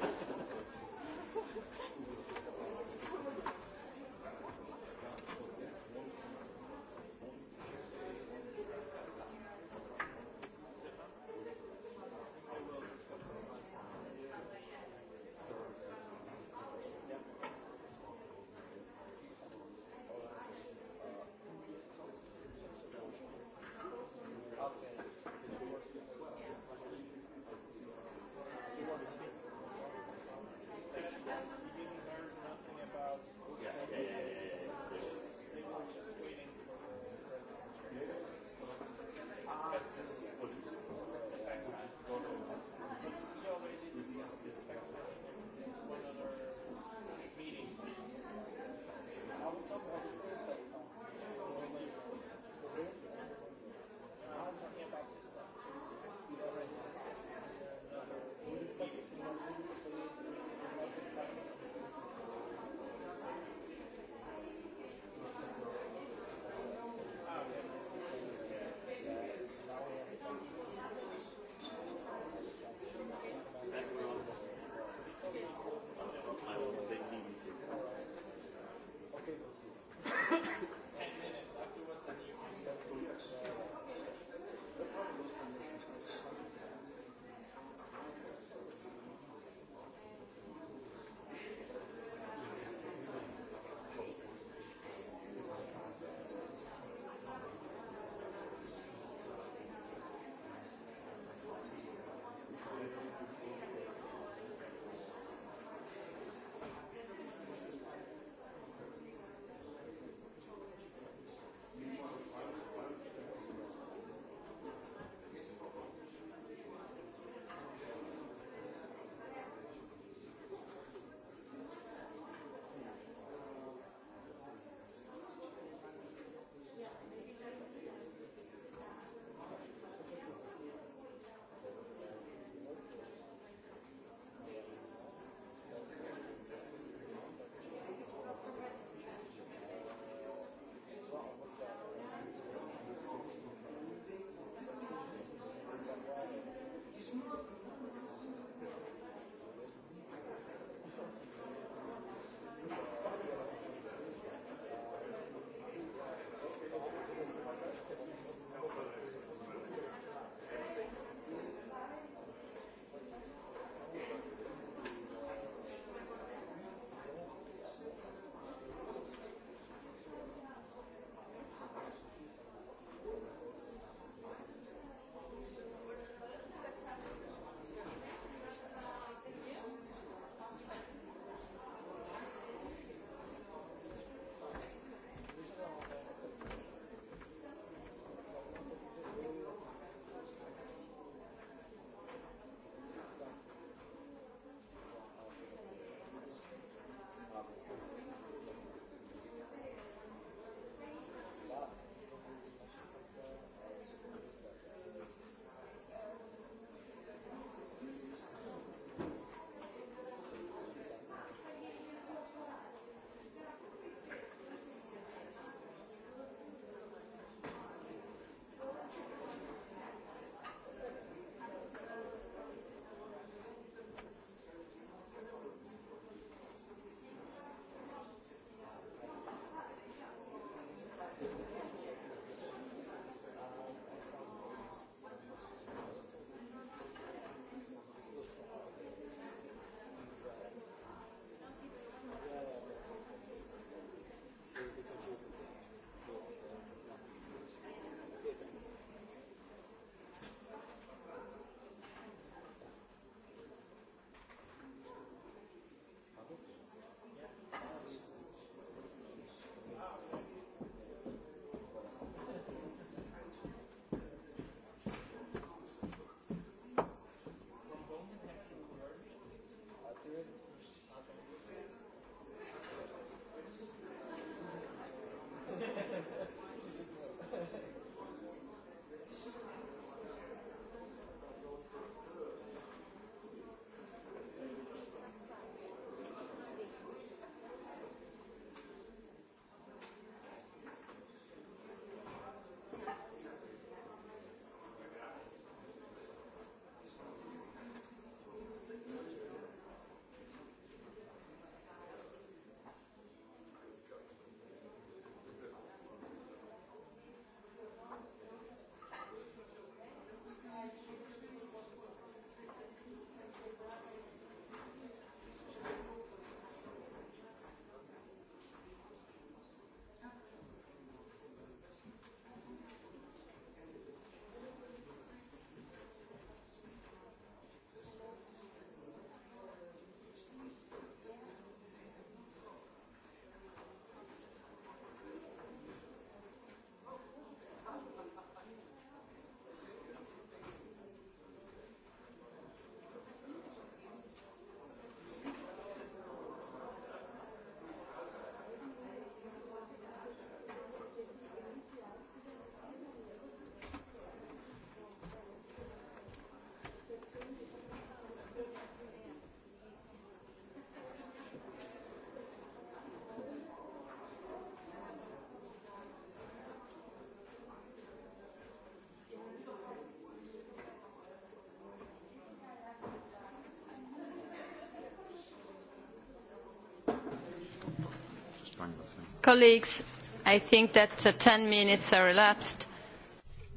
Colleagues, I think that the 10 minutes are elapsed.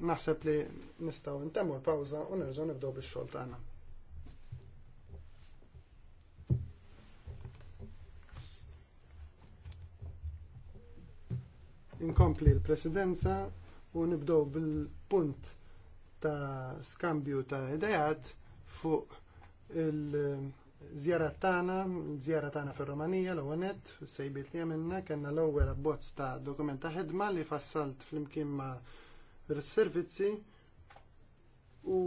Naħseb li nistaw intemmu l-pawza u nerġgħu nibdew bix-xogħol tagħna. Inkompli l-presidenza u nibdew bil-punt ta' skambju ta' idejat fuq il- Zjara tana, zjara tana fil-Romanija, l-għonet, sejbiet li għamilna, kena l-ewel abbozz ta' dokumenta ħedma li fassalt fl-imkien ma' r-servizzi u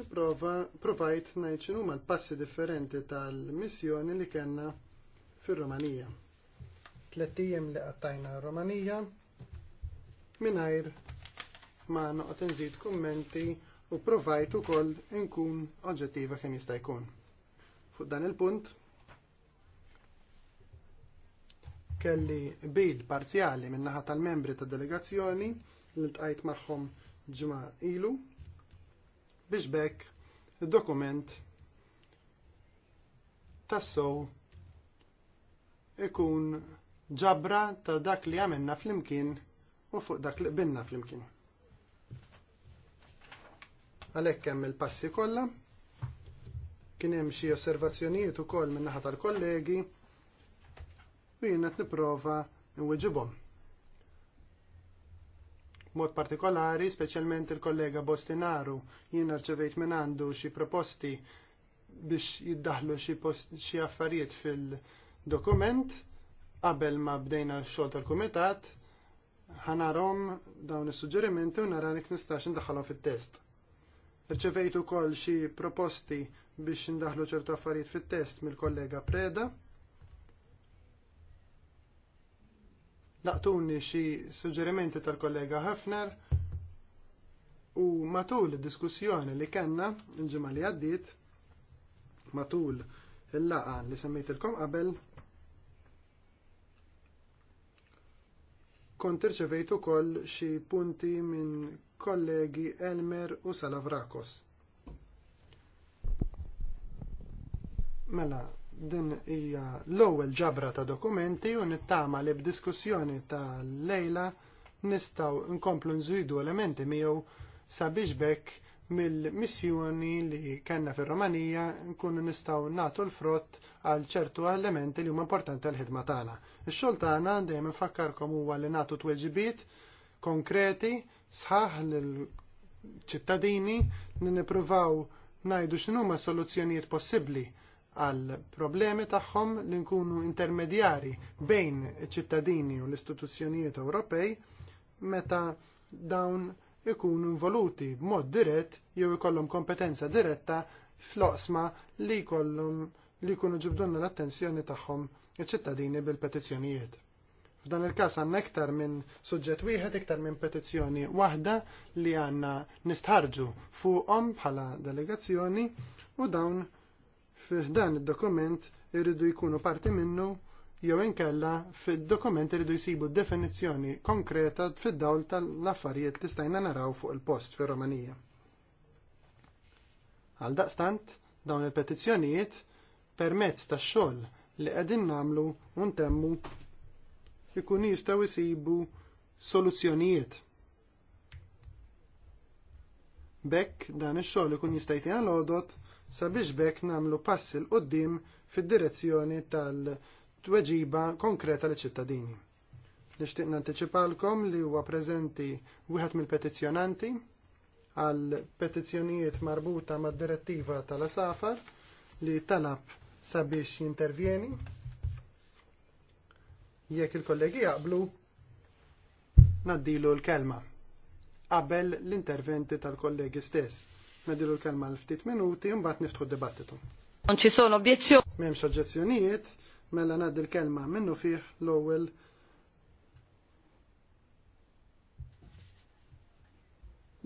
niprofa, provajt najċinu ma' l-passi differenti tal-missjoni li kena fil-Romanija. Tlettijem li għattajna Romanija, minajr ma' noqot nżid kummenti u provajt ukoll nkun oġġettiva kemm jista' jkun fuq dan il-punt kelli bil parzjali min-naħa tal-membri tad delegazzjoni li tqajt magħhom ġimgħa ilu biex bekk id-dokument tassow ikun ġabra ta' dak li għamilna flimkien u fuq dak li qbilna flimkien. Għalhekk hemm il-passi kollha Kien hemm xi osservazzjonijiet ukoll min naħa tal-kollegi u jien qed nipprova nwiġibhom. Mod partikolari, speċjalment il-kollega Bostinaru, jien rċevejt minn għandu xi proposti biex jiddaħlu xi affarijiet fil-dokument qabel ma bdejna x-xogħol tal-kumitat, ħanarhom dawn is-suġġerimenti u nara nik nistax indaħħalhom fit-test. Irċevejt ukoll xi proposti biex indaħħlu ċertu affarijiet fit-test mill-kollega Preda. Laqtuni xi suġġerimenti tal-kollega Hafner u matul id-diskussjoni li kellna il-ġimgħa li għaddiet matul il laqgħa li semmejtilkom qabel kont irċevejt ukoll xi punti minn kollegi Elmer u Salavrakos. Mela, din hija l-ewwel ġabra ta' dokumenti u nittama li b'diskussjoni ta' lejla nistgħu nkomplu nżidu elementi miegħu sabiex bekk mill-missjoni li kellna fir-Romanija nkunu nistgħu nagħtu l-frott għal ċertu elementi li huma importanti għall ħidma tagħna. Ix-xogħol tagħna dejjem infakkarkom huwa li nagħtu tweġibiet konkreti sħaħ lill ċittadini li nippruvaw ngħidu x'inhuma soluzzjonijiet possibbli għal problemi tagħhom li nkunu intermedjari bejn iċ-ċittadini u l-istituzzjonijiet Ewropej meta dawn ikunu involuti b'mod dirett jew ikollhom kompetenza diretta fl-oqsma li jkollhom li jkunu ġibdunna l-attenzjoni tagħhom iċ-ċittadini bil-petizzjonijiet. F'dan il każ għandna iktar minn suġġett wieħed, iktar minn petizzjoni waħda li għandna nistħarġu fuqhom bħala delegazzjoni u dawn f'dan id-dokument irridu jkunu parti minnu jew inkella fid-dokument irridu jsibu definizzjoni konkreta fid-dawl tal-affarijiet li stajna naraw fuq il-post fir romanija Għal daqstant, dawn il-petizzjonijiet permezz tax-xogħol li qegħdin nagħmlu u ntemmu ikun jistgħu jsibu soluzzjonijiet. Bekk dan ix-xogħol ikun jista' jtina l-għodot sabiex bekk nagħmlu passi l qoddim fid-direzzjoni tal-tweġiba konkreta li ċittadini. Nixtieq nanteċipalkom li huwa preżenti wieħed mill-petizzjonanti għal petizzjonijiet marbuta mad direttiva tal-Asafar li talab sabiex jintervjeni. Jekk il-kollegi jaqblu, naddilu l-kelma qabel l-interventi tal-kollegi stess nadilu l-kelma l-ftit minuti, mbagħad niftħu d-dibattitu. Non ci sono obiezzjoni. M'hemmx oġġezzjonijiet, mela ngħaddi l-kelma minnu fiħ l-ewwel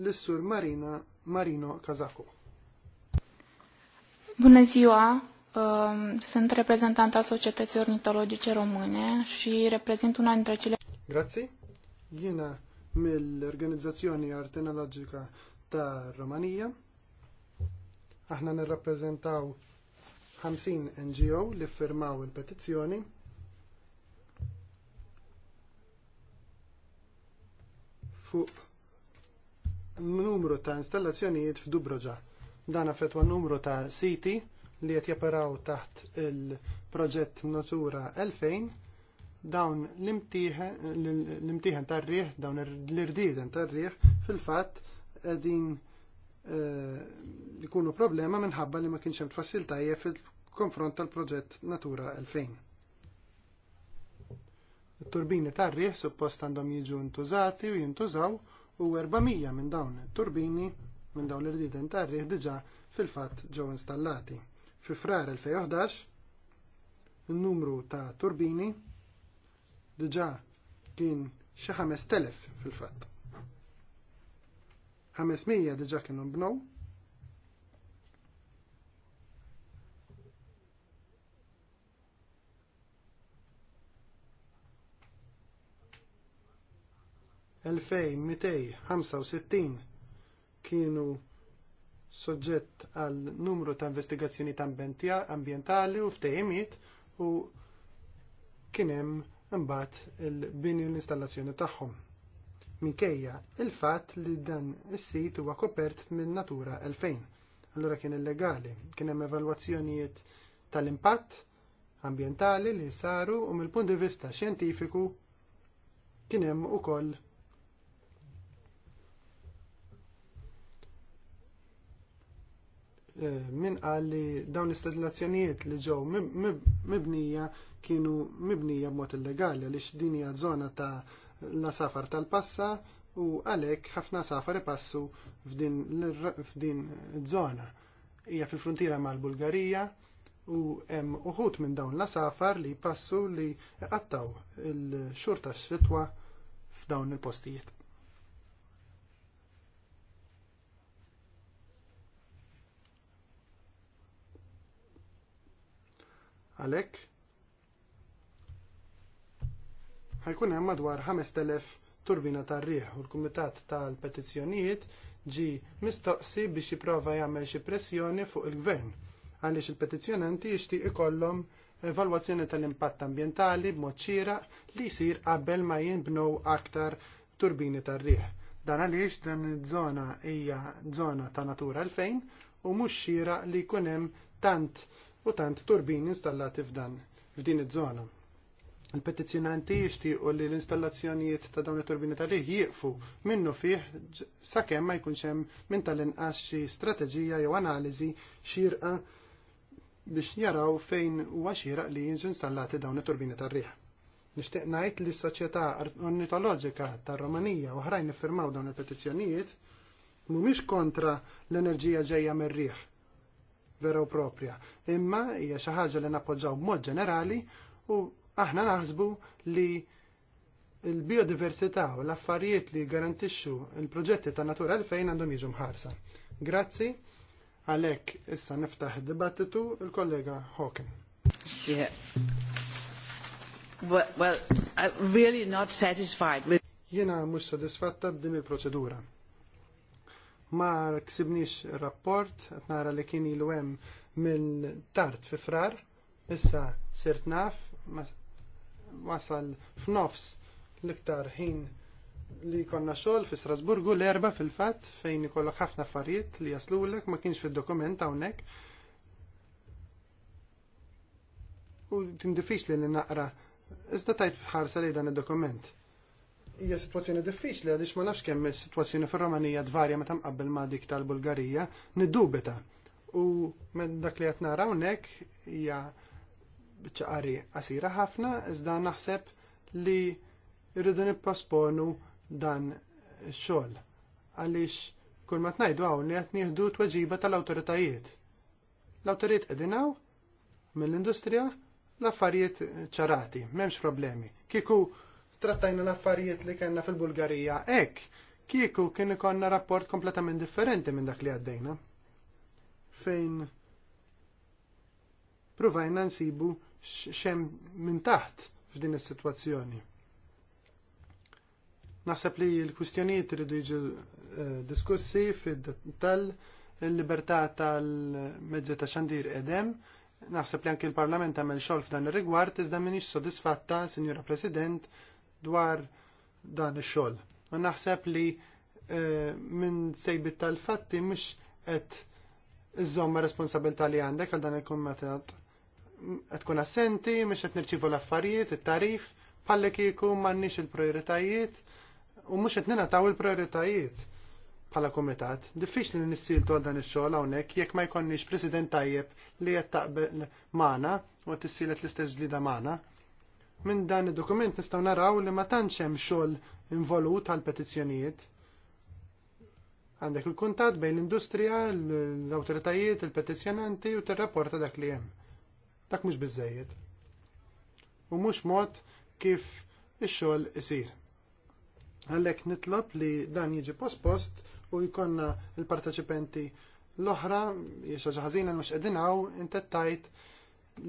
l-Sur Marina Marino Kazako. Bună ziua! Um, sunt reprezentanta Societății Ornitologice Române și reprezint una dintre cele... Grazie. Jena mill-Organizzazzjoni Artenologika ta' Romania. Aħna nirrappreżentaw 50 NGO li firmaw il-petizzjoni. Fuq numru ta' installazzjonijiet f'Dubroġa. Dan affetwa numru ta' siti li qed japparaw taħt il-proġett Natura 2000 dawn l-imtieħen tar-riħ, dawn l irdieden tar-riħ fil-fatt qegħdin Eh, ikunu problema minħabba li ma kienx hemm tfassil tajjeb fil-konfront tal-proġett Natura 2000. It-turbini tar-riħ suppost għandhom jiġu ntużati u jintużaw u 400 minn dawn it-turbini minn dawn l-irdiden tar-riħ diġà fil-fatt ġew installati. Fi frar 2011 il-numru ta' turbini diġà kien xi 5000 fil-fatt. 500 diġa kienu bnow. Elfej mitej hamsa u sittin kienu soġġett għal numru ta' investigazzjoni ta' ambientali u ftejmit u kien hemm imbagħad il-bini u l-installazzjoni tagħhom minkejja il-fatt li dan is-sit huwa kopert minn Natura 2000. Allura kien illegali, kien hemm evalwazzjonijiet tal-impatt ambjentali li saru u mill-punt di vista xjentifiku kien hemm ukoll eh, min qal li dawn l istatlazzjonijiet li ġew mibnija kienu mibnija b'mod illegali għaliex din hija żona ta' la safar tal-passa u għalhekk ħafna safar ipassu f'din żona. Hija fil-frontiera mal-Bulgarija u hemm uħud minn dawn la safar li jpassu li qattaw il-xhur tax-xitwa f'dawn il-postijiet. Għalhekk ħajkun hemm madwar 5000 turbina tar-riħ u l-Kumitat tal-Petizzjonijiet ġi mistoqsi biex jipprova jagħmel xi pressjoni fuq il-Gvern għaliex il-petizzjonanti jixtieq ikollhom evalwazzjoni tal-impatt ambjentali b'mod xieraq li jsir qabel ma jinbnew aktar turbini tar-riħ. Dan għaliex dan iż-żona hija żona ta' natura 2000 u mhux xieraq li jkun hemm tant u tant turbini installati f'dan f'din iż-żona. Il-petizjonanti jixtiequ li l-installazzjonijiet ta' dawn it-turbini tar-riħ jieqfu minnu fih sakemm ma jkunx hemm minn tal-inqas xi strateġija jew analiżi xirqa biex jaraw fejn huwa xieraq li jinġu installati dawn it-turbini tar-riħ. Nixtieq ngħid li s-Soċjetà Ornitoloġika tar-Romanija oħrajn iffirmaw dawn il-petizzjonijiet mhumiex kontra l-enerġija ġejja mir-riħ vera u propja, imma hija xi ħaġa li nappoġġaw b'mod ġenerali u Aħna naħsbu li il-biodiversità u l-affarijiet li garantixxu l proġetti ta' natura għalfejn għandhom jiġu mħarsa. Grazzi, għalhekk issa niftaħ id-dibattitu il-kollega Hawken. Yeah. Well, I'm really not satisfied with... Jena mux sodisfatta b'din il-proċedura. Ma ksibnix rapport, nara li kien ilu hemm minn tard fi frar, issa sirt naf, wasal f'nofs l-iktar ħin li konna xogħol fi Strasburgu l-erba fil-fatt fejn ikollok ħafna affarijiet li jaslulek ma kienx fid-dokument hawnhekk. U tindifix li naqra. Iżda tajt ħarsa li dan id-dokument. Hija sitwazzjoni diffiċli għaliex ma nafx kemm is-sitwazzjoni fir-Romanija dvarja meta mqabbel ma dik tal-Bulgarija niddubita. U minn dak li qed nara hawnhekk hija bċaqari qasira ħafna, iżda naħseb li rridu nipposponu dan xogħol għaliex kull ma tnajdu hawn li qed nieħdu tweġiba tal-awtoritajiet. l awtoritajiet qegħdin mill-industrija l-affarijiet ċarati, m'hemmx problemi. Kieku trattajna l-affarijiet li kellna fil-Bulgarija hekk, kieku kien ikonna rapport kompletament differenti minn dak li għaddejna. Fejn provajna nsibu xem minn taħt f'din is-sitwazzjoni. Naħseb li l-kwistjonijiet iridu jiġu eh, diskussi fid-dettall il-libertà tal-mezzi ta' xandir edem. Naħseb li anki l-Parlament għamel xogħol f'dan ir-rigward iżda m'iniex sodisfatta, sinjora President, dwar dan ix-xogħol. U naħseb li eh, minn sejbit tal-fatti mhux qed iżomma responsabilità li għandek għal dan il-kummatat qed tkun assenti, mhux qed nirċivu l-affarijiet, it-tarif, palli kieku m'għandniex il-prioritajiet u mhux qed ningħataw il-prioritajiet bħala kumitat. Diffiċli li nissiltu għal dan ix-xogħol hawnhekk jekk ma jkollniex President tajjeb li qed taqbel magħna u qed tissilet l-istess ġlida magħna. Minn dan id-dokument nistgħu naraw li ma tantx hemm xogħol involut għal petizzjonijiet għandek il kuntat bejn l-industrija, l-autoritajiet, il-petizjonanti u t-rapporta dak li hemm dak mhux biżejjed. U mhux mod kif ix-xogħol isir. Għalhekk nitlob li dan jiġi post-post u jkollna l-parteċipenti l-oħra xi ħażina mhux qegħdin hawn intettajt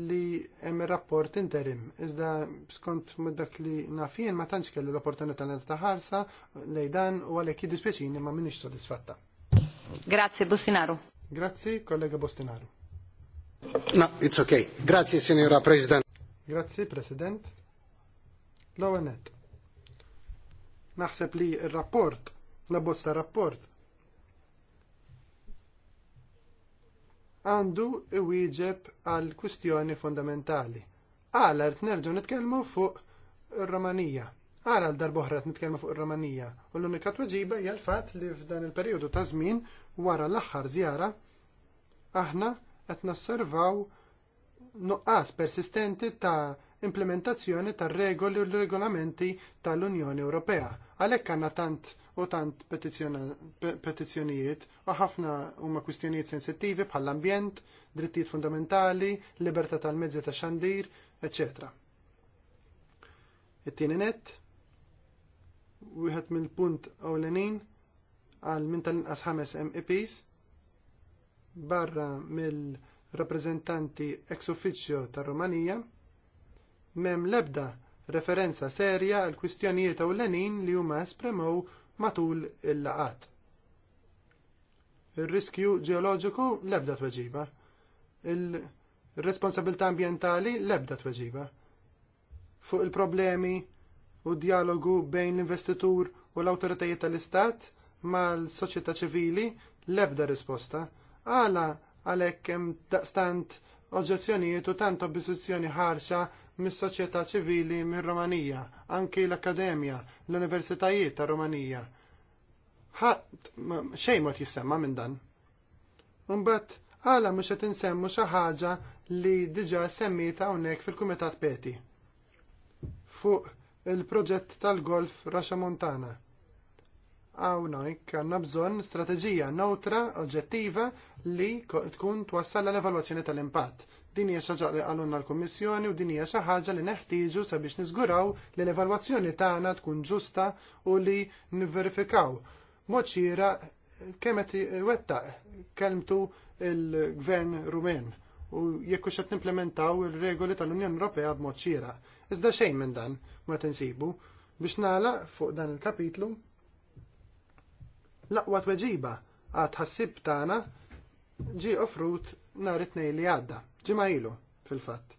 li hemm ir-rapport interim. Iżda skont dak li nafien ma tantx kelli l-opportunità li taħarsa lejn dan u għalhekk jiddispjaċini ma minix sodisfatta. Grazzi Bostinaru. Grazzi, kollega Bostinaru. No, it's okay. Grazie, Signora President. Grazie, President. L-għonet. Naħseb li il-rapport, la bosta rapport, għandu iwieġeb għal kwistjoni fondamentali. Għala rrit nerġu nitkellmu fuq ir-Romanija. Għala l-darboħra rrit nitkellmu fuq ir-Romanija. U l-unika tweġiba hija l-fatt li f'dan il-perjodu ta' żmien wara l-aħħar żjara aħna qed nosservaw nuqqas persistenti ta' implementazzjoni tar regoli u regolamenti tal-Unjoni Ewropea. Għalhekk għandna tant u tant petizzjonijiet u ħafna huma kwistjonijiet sensittivi bħall-ambjent, drittijiet fundamentali, libertà tal-mezzi ta' xandir, etc. It-tieni net, wieħed mill-punt ewlenin għal min tal-inqas ħames MEPs barra mill-rappreżentanti ex Uffiċċju tar-Rumanija m'hemm l-ebda referenza serja għal kwistjonijiet ewlenin li huma espremew matul il laqgħat Ir-riskju ġeoloġiku l-ebda tweġiba. Il-responsabilità ambjentali l-ebda tweġiba. Fuq il-problemi u d dialogu bejn l-investitur u l awtoritajiet tal-istat mal soċjetà ċivili l-ebda risposta għala għalhekk hemm daqstant oġġezzjonijiet u tant oppożizzjoni ħarxa mis-soċjetà ċivili mir-Romanija, anki l-Akademja, l-Universitajiet ta' Romanija. Ħadd xejn mod jissemma minn dan. Imbagħad għala mhux qed insemmu xi ħaġa li diġà semmita hawnhekk fil-Kumitat Peti fuq il-proġett tal-golf Raxa Montana Hawnhekk għandna bżonn strateġija neutra, oġġettiva li tkun twassal l-evalwazzjoni tal-impatt. Din hija xi li għalunna l-Kummissjoni u din hija xi ħaġa li neħtieġu sabiex niżguraw li l-evalwazzjoni tagħna tkun ġusta u li nivverifikaw. Mod xira kemm qed wettaq kelmtu il-Gvern Rumen u jekk hux qed nimplementaw ir-regoli tal-Unjoni Ewropea b'mod xiera. Iżda xejn minn dan ma tinsibu biex nagħlaq fuq dan il-kapitlu L'aqwa tweġiba għad ħassib tagħna ġie offrut nhar it-tnejn li għadda, ġimgħa ilu fil-fatt.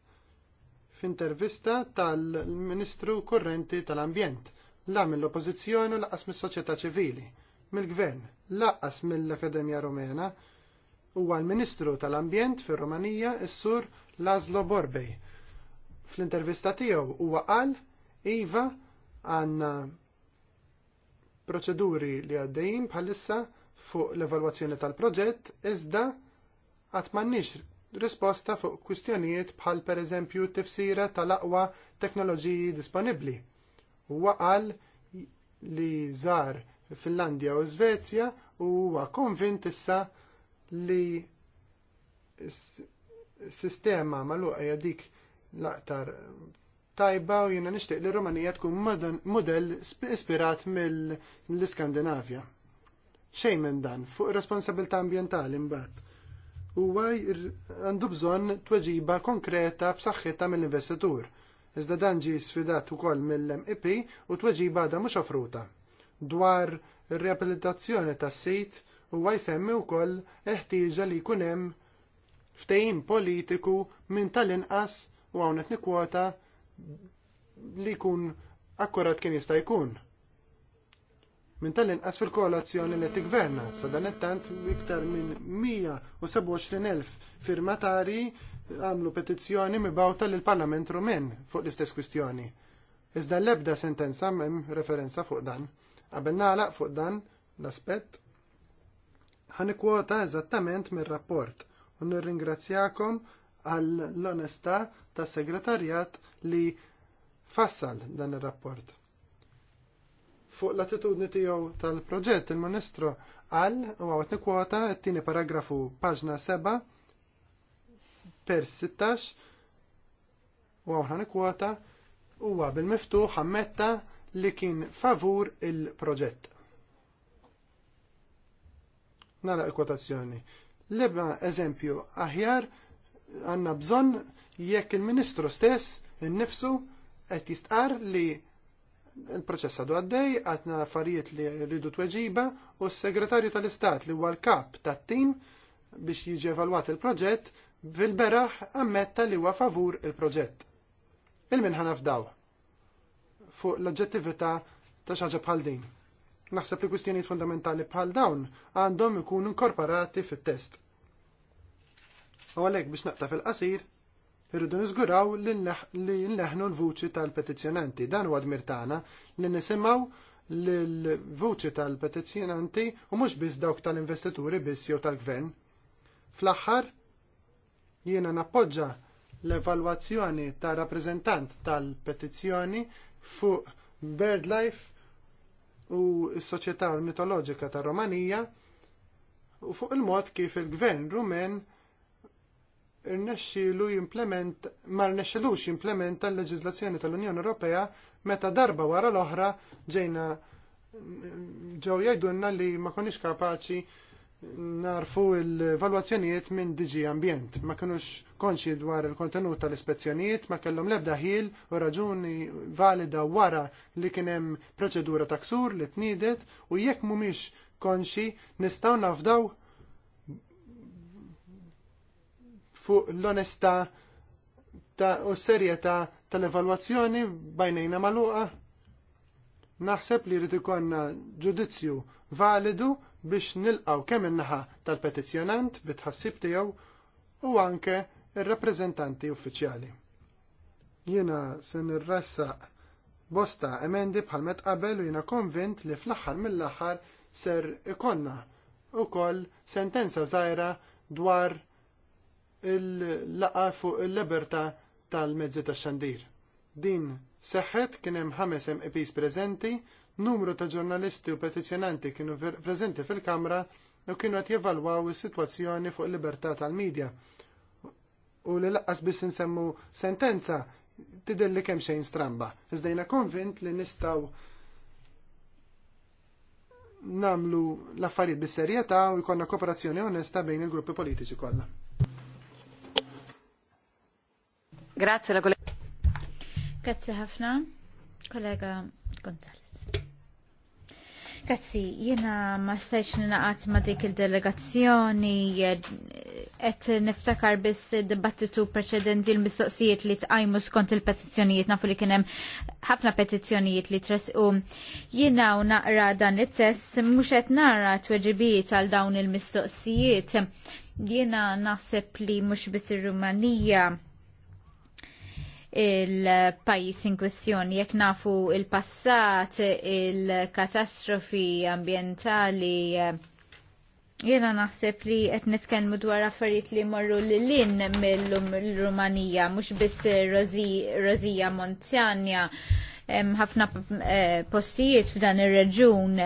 F'intervista tal-Ministru Kurrenti tal-Ambjent la mill-Oppożizzjoni u laqas mis-soċjetà ċivili, mill-Gvern, laqas mill-Akademja Rumena, huwa l-Ministru tal-Ambjent fir-Rumanija s-Sur Lazlo Borbej. Fl-intervista tiegħu huwa qal iva għandna proċeduri li għaddejjin bħalissa fuq l-evalwazzjoni tal-proġett iżda qatt m'għandniex risposta fuq kwistjonijiet bħal pereżempju tifsira tal-aqwa teknoloġiji disponibbli. Huwa qal li żar Finlandja u Svezja u huwa konvint issa li s-sistema magħluqa hija dik l-aktar tajba u jiena nixtieq li Rumanija tkun model ispirat mill-Iskandinavja. Xejn minn dan, fuq responsabilità ambjentali mbagħad. Huwa għandu bżonn tweġiba konkreta b'saħħitha mill-investitur. Iżda dan ġie sfidat ukoll mill-MEP u tweġiba għadha mhux offruta. Dwar ir-reabilitazzjoni tas-sit huwa jsemmi wkoll eħtieġa li jkun hemm ftehim politiku minn tal-inqas u hawnhekk nikkwota li jkun akkurat kien jista' jkun. Min tal-inqas fil-koalazzjoni li t-gverna, sa dan it-tant iktar minn 127.000 firmatari għamlu petizzjoni mibawta lill parlament Rumen fuq l-istess kwistjoni. Iżda l-ebda sentenza m'hemm referenza fuq dan. Qabel nagħlaq fuq dan l-aspett kwota eżattament mir-rapport u nirringrazzjakom għall-onestà tas segretarjat li fassal dan ir-rapport. Fuq l-attitudni tiegħu tal-proġett il-Ministru qal u għawet nikwota t-tieni paragrafu paġna 7 per 16 u għawna nikwota huwa bil-miftuħ ammetta li kien favur il-proġett. Nara l-kwotazzjoni. Leba eżempju aħjar għanna bżonn jekk il-Ministru stess, innifsu, qed jistqar li il-proċess għadu għaddej, għatna affarijiet li rridu tweġiba u s-segretarju tal-Istat li huwa l-kap tat-tim biex jiġi evalwat il-proġett fil-beraħ ammetta li huwa favur il-proġett. Il-minħana f'daw fuq l-oġġettività ta' xaġa bħal din. Naħseb li kwistjonijiet fundamentali bħal dawn għandhom ikunu inkorporati fit-test. U għalhekk biex naqta fil-qasir, Irridu niżguraw li nleħnu l-vuċi tal-petizjonanti. Dan huwa dmir tagħna li nisimgħu l-vuċi tal-petizjonanti u mhux biss dawk tal-investituri biss jew tal-gvern. Fl-aħħar jiena nappoġġa l-evalwazzjoni ta' rappreżentant tal-petizzjoni fuq BirdLife u s-Soċjetà Ornitoloġika tar Romanija u fuq il-mod kif il-Gvern Rumen rnexxilu jimplement ma rnexxilux jimplementa l leġizlazzjoni tal-Unjoni Ewropea meta darba wara l-oħra ġejna ġew jgħidulna li ma konniex kapaċi narfu l-valwazzjonijiet minn DG Ambjent. Ma kinux konxi dwar il-kontenut tal-ispezzjonijiet, ma kellhom l-ebda ħil u raġuni valida wara li kien hemm proċedura taksur li tniedet u jekk mhumiex konxi nistgħu nafdaw fuq l ta' u s-serjetà tal-evalwazzjoni bajnejna magħluqa. Naħseb li jrid konna ġudizzju validu biex nilqaw kemm in-naħa tal-petizzjonant bit-tħassib tiegħu u anke ir-rappreżentanti uffiċjali. Jiena se nirressaq bosta emendi bħal met qabel u jiena konvint li fl aħħar mill aħħar ser ikonna u koll sentenza zaħira dwar il-laqa fuq il-liberta tal-mezzi ta' xandir. Din seħħet kien hemm ħames MEPs prezenti, numru ta' ġurnalisti u petizjonanti kienu preżenti fil-Kamra u kienu qed jevalwaw is-sitwazzjoni fuq il-libertà tal-medja. U li laqqas biss insemmu sentenza tidher li kemm xejn stramba. Iżda konvint li nistgħu namlu l-affarijiet bis-serjetà u jkollna kooperazzjoni onesta bejn il-gruppi politiċi kollha. Grazie la collega. Grazie ħafna, kollega Gonzalez. Grazzi, jiena ma stajx ninaqat ma dik il-delegazzjoni, et niftakar biss dibattitu preċedenti l-mistoqsijiet li tqajmu skont il-petizzjonijiet, nafu li kienem ħafna petizzjonijiet li tresqu. Jiena u naqra dan it-test, muxet nara t-weġibijiet għal dawn il-mistoqsijiet. Jiena naħseb li mux biss ir-Rumanija il-pajis in kwestjoni. Jekk nafu il-passat, il-katastrofi ambientali, Jena naħseb li qed nitkellmu dwar affarijiet li morru lilin mill-Rumanija, mhux biss Rozija Montjanja, hemm ħafna eh, postijiet f'dan ir-reġun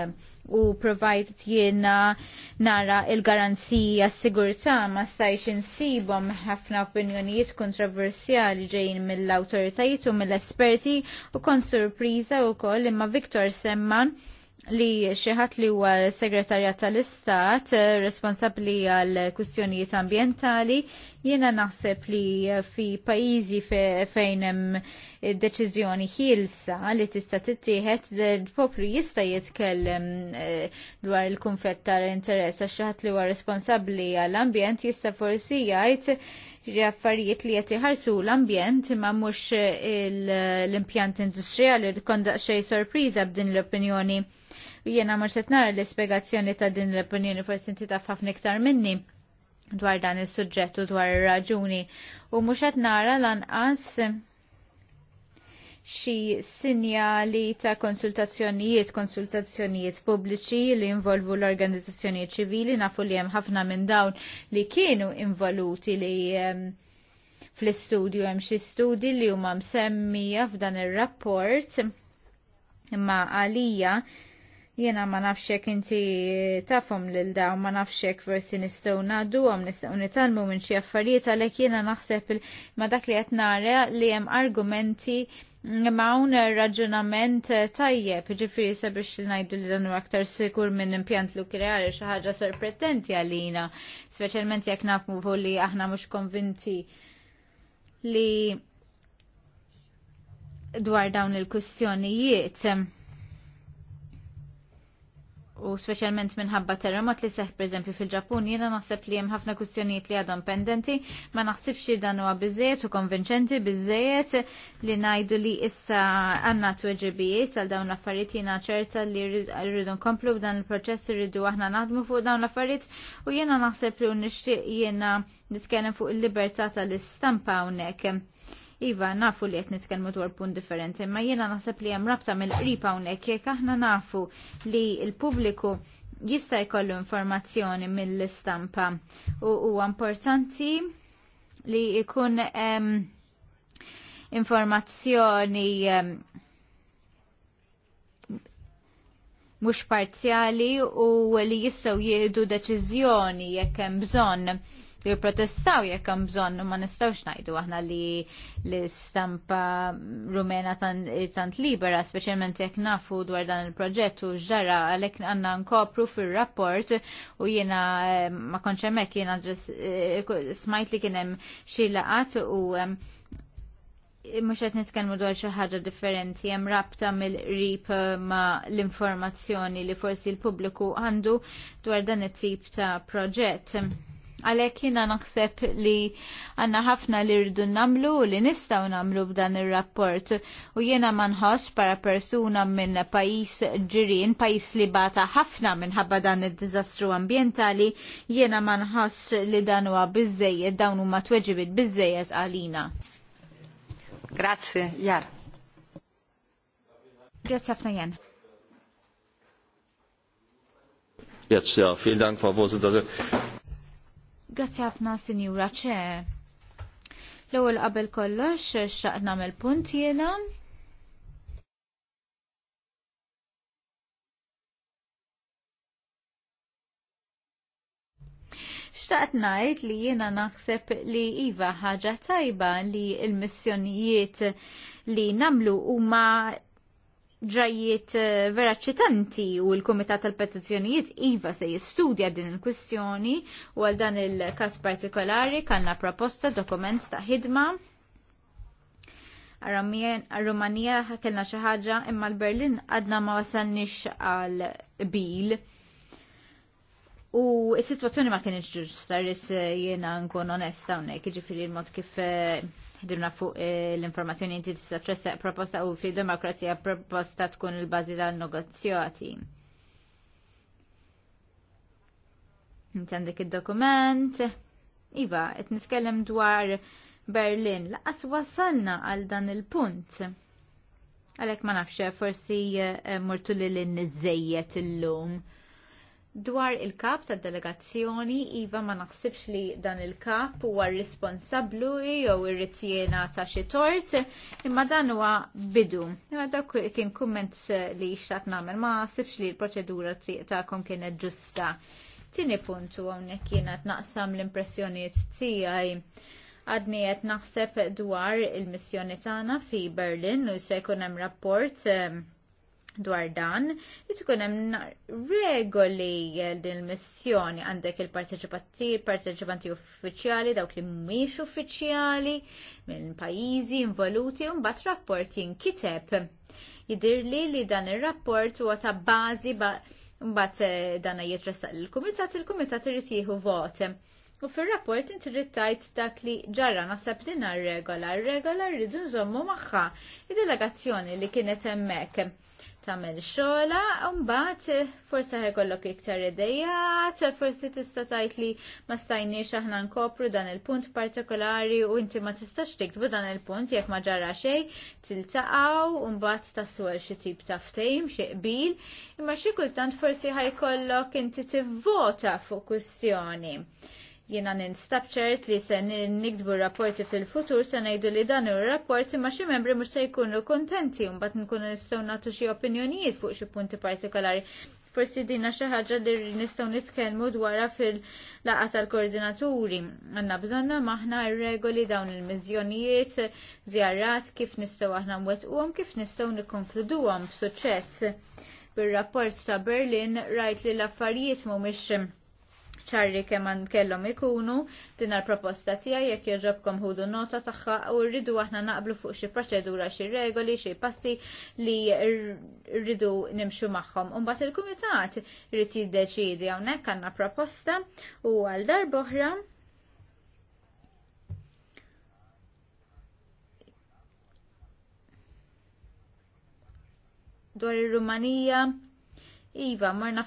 u provajt jiena nara il-garanzija s-sigurtà ma stajx insibhom ħafna opinjonijiet kontroversjali ġejjin mill-awtoritajiet u mill-esperti u kont surpriża wkoll imma Viktor Semman li xieħat li huwa segretarja tal-Istat eh, responsabli għal kwistjonijiet ambientali jiena naħseb li fi pajjiżi fejn hemm deċiżjoni ħielsa li tista' tittieħed il-poplu jista' jitkellem eh, dwar il-kunfett tal-interess għax xi li huwa responsabbli għall-ambjent jista' forsi jgħid affarijiet li qed iħarsu l-ambjent imma mhux l-impjant industrijali li kondaq xejn sorpriża b'din l-opinjoni Jiena mhux qed nara l-ispjegazzjoni ta' din l-opinjoni forsi inti taf ħafna iktar minni dwar dan is-suġġett u dwar ir-raġuni u mhux qed nara lanqas xi sinjali ta' konsultazzjonijiet, konsultazzjonijiet pubbliċi li involvu l-organizzazzjonijiet ċivili, nafu li hemm ħafna minn dawn li kienu involuti li fl-istudju hemm xi studi li huma msemmija f'dan ir-rapport imma għalija Jena ma nafxek inti tafhom lil daw ma nafxek versi nistgħu ngħaddu għom nistgħu nitalmu minn xi affarijiet għalhekk jiena naħseb ma dak li qed nara li hemm argumenti Mawn raġunament tajjeb, ġifiri sabiex li najdu li danu aktar sikur minn impjant lukreari xi ħaġa sorpretenti għalina, speċjalment jekk fu li aħna mhux konvinti li dwar dawn il-kustjonijiet u specialment minħabba terremot li seħ eżempju, fil-Ġapun jiena naħseb li hemm ħafna kwistjonijiet li għadhom pendenti ma naħsibx li dan huwa biżejjed u konvinċenti biżejjed li ngħidu li issa għandna tweġibijiet għal dawn l-affarijiet jiena ċerta li rridu nkomplu b'dan il-proċess rridu aħna naħdmu fuq dawn l-affarijiet u jiena naħseb li nixtieq jiena nitkellem fuq il-libertà tal-istampa hawnhekk Iva, nafu li qed nitkellmu dwar punt differenti, ma jiena naħseb li hemm rabta mill-qrib hawnhekk jekk aħna nafu li l-pubbliku jista' jkollu informazzjoni mill-istampa u huwa importanti li jkun um, informazzjoni um, mhux parzjali u li jistgħu jieħdu deċiżjoni jekk hemm bżonn li protestaw jekk hemm bżonn ma nistgħux ngħidu aħna li l-istampa rumena tant libera speċjalment jekk nafu dwar dan il-proġett u ġara għalhekk għandna nkopru fir-rapport u jiena eh, ma kontx hemmhekk jiena eh, smajt li kien hemm xi laqat u eh, mux għet nitkelmu dwar xi ħaġa differenti hemm rabta mill-qrib ma l-informazzjoni li forsi l-pubbliku għandu dwar dan it-tip ta' proġett. Għalhekk jiena naħseb li għandna ħafna li rridu nagħmlu u li nistgħu nagħmlu b'dan ir-rapport u jiena ma nħoss para persuna minn pajjiż ġirin, pajjiż li bata ħafna minħabba dan id-diżastru ambjentali, jiena ma nħoss li dan huwa biżejjed dawn huma tweġibit biżejjed għalina. Grazie, Jar. Grazie ħafna jen. Jetzt ja, vielen Dank, Frau Vorsitzende. Grazzi ħafna, Sinjura ċe. L-ewwel qabel kollox xaqt nagħmel punt jiena. Xtaqt ngħid li jiena naħseb li iva ħaġa tajba li l-missjonijiet li namlu huma ġajiet eh, vera ċitanti u l-Komitat tal-Petizzjonijiet iva se jistudja din il-kwistjoni u għal dan il-kas partikolari kanna proposta dokument ta' ħidma. Ar-Rumanija kellna xi ħaġa imma l-Berlin għadna ma wasalniex għal bil. U s sitwazzjoni ma kienx ġusta, ris eh, jiena nkun onesta hawnhekk ġifiri l-mod kif eh, tħdimna fuq eh, l-informazzjoni inti tista' tressaq proposta u fi demokrazija proposta tkun il-bażi tal-negozjati. Inti għandek id-dokument. Iva, qed nitkellem dwar Berlin. Laqas wasalna għal dan il-punt. Għalhekk ma nafx forsi eh, murtu lil nizzejiet illum. lum Dwar il-kap tad delegazzjoni, Iva ma naħsibx li dan il-kap huwa responsabbli jew irritjena ta' xi tort, imma dan huwa bidu. Imma dak kien kumment li xtaqt nagħmel ma naħsibx li l-proċedura tagħkom kienet ġusta. Tieni punt u hawnhekk kienet naqsam l-impressjonijiet tiegħi għadni qed naħseb dwar il-missjoni tagħna fi Berlin u se jkun hemm rapport dwar dan, li tkun hemm regoli din il-missjoni għandek il-parteċipanti, parteċipanti uffiċjali, dawk li mhumiex uffiċjali minn pajjiżi involuti u mbagħad rapport jinkiteb. Jidirli li dan ir-rapport huwa ta' bażi mbagħad eh, dan jitressaq lill-kumitat, il-kumitat irid jieħu vot. U fil-rapport inti rittajt dak li ġarra nasab dinna regola, regola rridu nżommu magħha id-delegazzjoni li kienet hemmhekk tagħmel xogħla, mbagħad forsi ħajkollok iktar idejat, forsi tista' tgħid li ma stajniex aħna nkopru dan il-punt partikolari u inti ma tistax tiktbu dan il-punt jekk ma ġara xejn, tiltaqgħu u mbagħad taswel xi tip ta' ftehim xi qbil, imma xi kultant forsi ħajkollok inti tivvota fuq kustjoni. Jiena ninstab ċert li se nikdbu rapporti fil-futur se ngħidu li dan ir-rapporti ma xi membri mhux se jkunu kuntenti mbagħad nkunu nistgħu nagħtu xi opinjonijiet fuq xi punti partikolari. Forsi dina xi ħaġa li nistgħu nitkellmu dwarha fil-laqgħa tal-koordinaturi. Għandna bżonna maħna r-regoli dawn il-miżjonijiet, żjarat kif nistgħu aħna mwettquhom, kif nistgħu nikkonkluduhom b'suċċess. Bir-rapport ta' Berlin rajt li l-affarijiet mhumiex ċarri kemm kellhom ikunu din proposta tija jekk jogħġobkom ħudu nota tagħha u rridu aħna naqblu fuq xi proċedura xi regoli xi passi li rridu nimxu magħhom. Umbat il-kumitat irid jiddeċiedi hawnhekk għandna proposta u għal darba dwar ir-Rumanija Iva, marna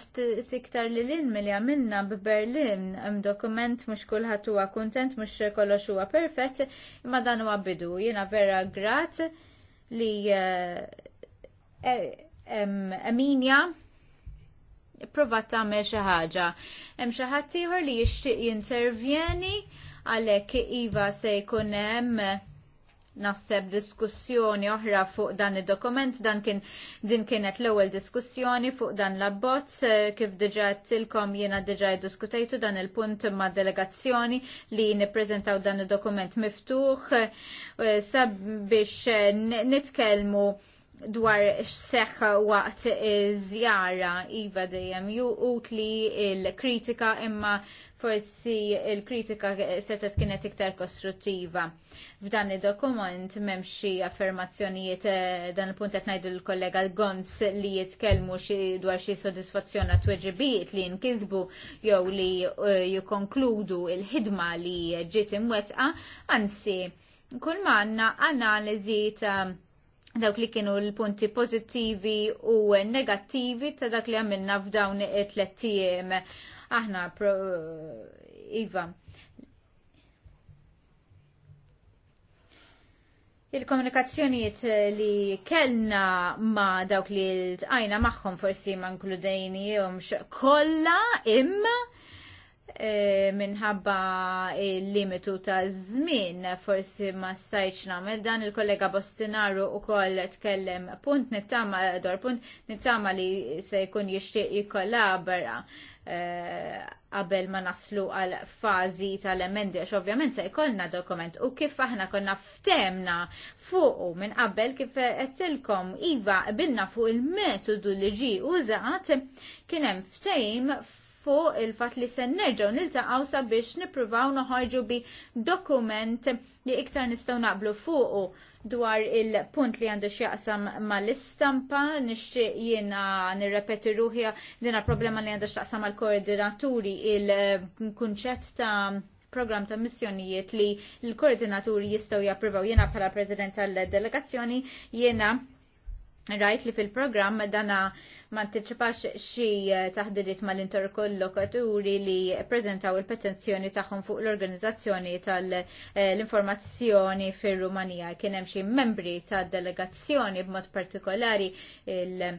iktar li l in mill għamilna b Berlin, hemm dokument mhux kulħadd huwa kuntent mhux kollox huwa perfett, imma dan huwa bidu. Jiena vera grat li eh, eh, Eminja provat tagħmel xi ħaġa. Hemm xi ħadd ieħor li jixtieq jintervjeni għalhekk iva se jkun hemm naħseb diskussjoni oħra fuq dan id-dokument, dan kien din kienet l-ewwel diskussjoni fuq dan l-abbozz, kif diġà tilkom jiena diġà diskutejtu dan il-punt ma' delegazzjoni li nippreżentaw dan id-dokument miftuħ eh, sab biex nitkellmu dwar x'seħħ waqt iż-żjara iva dejjem juqut li l-kritika imma forsi l-kritika setet kienet iktar kostruttiva. F'dan id-dokument m'hemm xi affermazzjonijiet eh, dan il-punt qed ngħidu l-kollega Gons li jitkellmu xi dwar xi sodisfazzjon għat tweġibiet li nkisbu jew li eh, jikkonkludu l ħidma li ġiet imwettqa, ansi kull ma għandna analiżi ta' dawk li kienu l-punti pozittivi u negattivi ta' dak li għamilna f'dawn it-tlettijiem. Aħna, pro, Iva, Il-komunikazzjonijiet li kellna ma dawk li l-tqajna maħħom forsi ma nkludejni jomx kolla imma E, minħabba il-limitu ta' żmien forsi ma stajċ nagħmel dan il-kollega Bostinaru wkoll tkellem punt nittama dor punt nittama li se jkun jixtieq jikollabra e, qabel ma naslu għal fażi tal-emendi għax ovvjament se jkollna dokument u kif aħna konna ftemna fuq minn qabel kif għettilkom iva binna fuq il-metodu li ġi użat kien hemm fuq il-fat li se nerġgħu niltaqgħu sabiex nippruvaw noħarġu bi dokument li iktar nistgħu naqblu fuqu dwar il-punt li għandu x'jaqsam mal-istampa, nixtieq jiena nirrepeti ruħja dina problema li għandu x'jaqsam mal-koordinaturi il-kunċett ta' program ta' missjonijiet li l-koordinaturi jistgħu jappruvaw jiena bħala president tal-delegazzjoni jiena rajt li fil-programm dana ma xie xi ma eh, mal-interkollokaturi li prezentaw il-petenzjoni tagħhom fuq l-organizzazzjoni tal-informazzjoni eh, fir-Rumanija. Kien hemm xi membri tad-delegazzjoni b'mod partikolari il-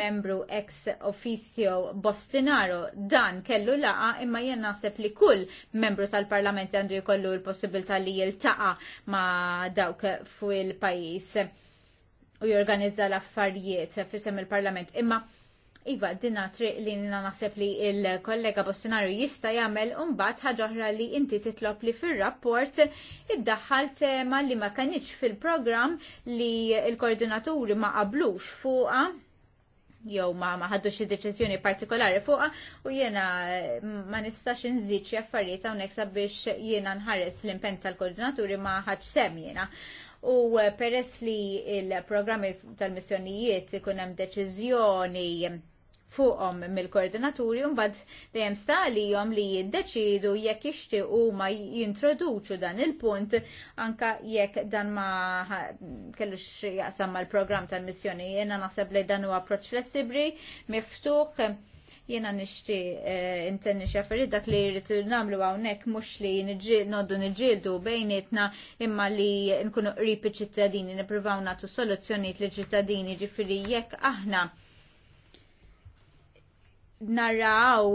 membru ex officio Bostinaro dan kellu laqa imma jien naħseb li kull membru tal-parlament għandu jkollu l-possibilità li jiltaqa ma' dawk fuq il-pajjiż u jorganizza l-affarijiet fissem il-Parlament. Imma Iva, dinna triq li nina naħseb li il-kollega Bossinaru jista jagħmel umbat ħagħuħra li inti titlop li fil-rapport iddaħħal tema li ma kanitx fil-programm li il-koordinaturi ma qablux fuqa jew ma ma ħaddux xi deċiżjoni partikolari fuqa u jiena mm, ma nistax inżid xi affarijiet hawnhekk sabiex jiena nħares l-impenn tal-koordinaturi ma ħadd sem jiena u eh, peress li il-programmi tal-missjonijiet ikun hemm deċiżjoni fuqhom mill-koordinaturi mbagħad dejjem stalihom li jiddeċidu jekk jixtiequ ma jintroduċu dan il-punt anka jekk dan ma kellux jaqsam mal-programm tal-missjoni. Jiena naħseb li dan huwa approċċ flessibbli miftuħ Jena nishti eh, intenni xafferi dak li jirrit namlu għawnek mux li noddu nġildu bejnietna imma li nkunu qrib ċittadini niprivaw natu soluzzjoniet li ċittadini ġifiri jekk aħna narraw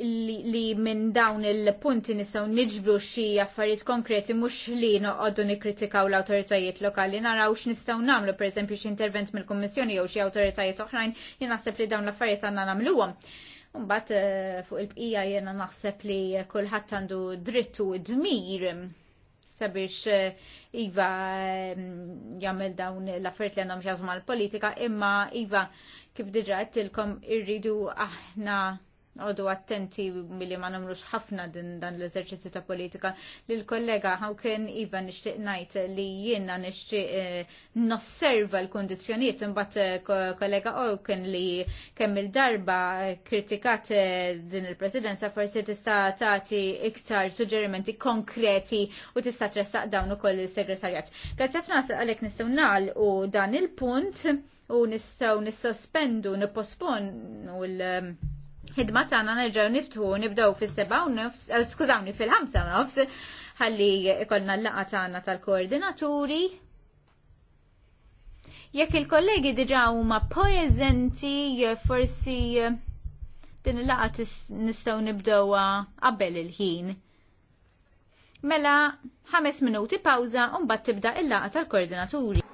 li, li minn dawn il-punti nistaw niġbru xi affarijiet konkreti mhux li noqogħdu nikkritikaw l-awtoritajiet lokali naraw x'nistgħu nagħmlu pereżempju xi intervent mill-Kummissjoni jew xi awtoritajiet oħrajn jien naħseb li dawn l-affarijiet għandna nagħmluhom. Mbagħad eh, fuq il-bqija jiena naħseb li kulħadd għandu drittu u dmir sabiex eh, Iva mm, jagħmel dawn l-affarijiet li għandhom xi mal politika imma Iva kif diġà qedtilkom irridu aħna għodu attenti milli ma namrux ħafna din dan l eżerċizju ta' politika. Lil-kollega Hawken Iva nixtieq ngħid li jienna nixtieq eh, nosserva l-kundizzjonijiet imbagħad eh, kollega Hawken li kemm il-darba kritikat eh, din il-presidenza forsi tista' tagħti iktar suġġerimenti konkreti u tista' tressaq dawn ukoll il-segretarjat. Grazzi ħafna għalhekk nistgħu nagħlqu dan il-punt u nistgħu nissospendu u l- ħidma tagħna nerġgħu niftħu nibdew fis-seba' u nofs, eh, skużawni fil-ħamsa nofs, ħalli ikollna l-laqgħa tagħna tal-koordinaturi. Jekk il-kollegi diġà huma preżenti, eh, forsi eh, din il-laqgħa nistgħu nibdewha qabel il-ħin. Mela, ħames minuti pawza u mbagħad tibda il-laqgħa tal-koordinaturi.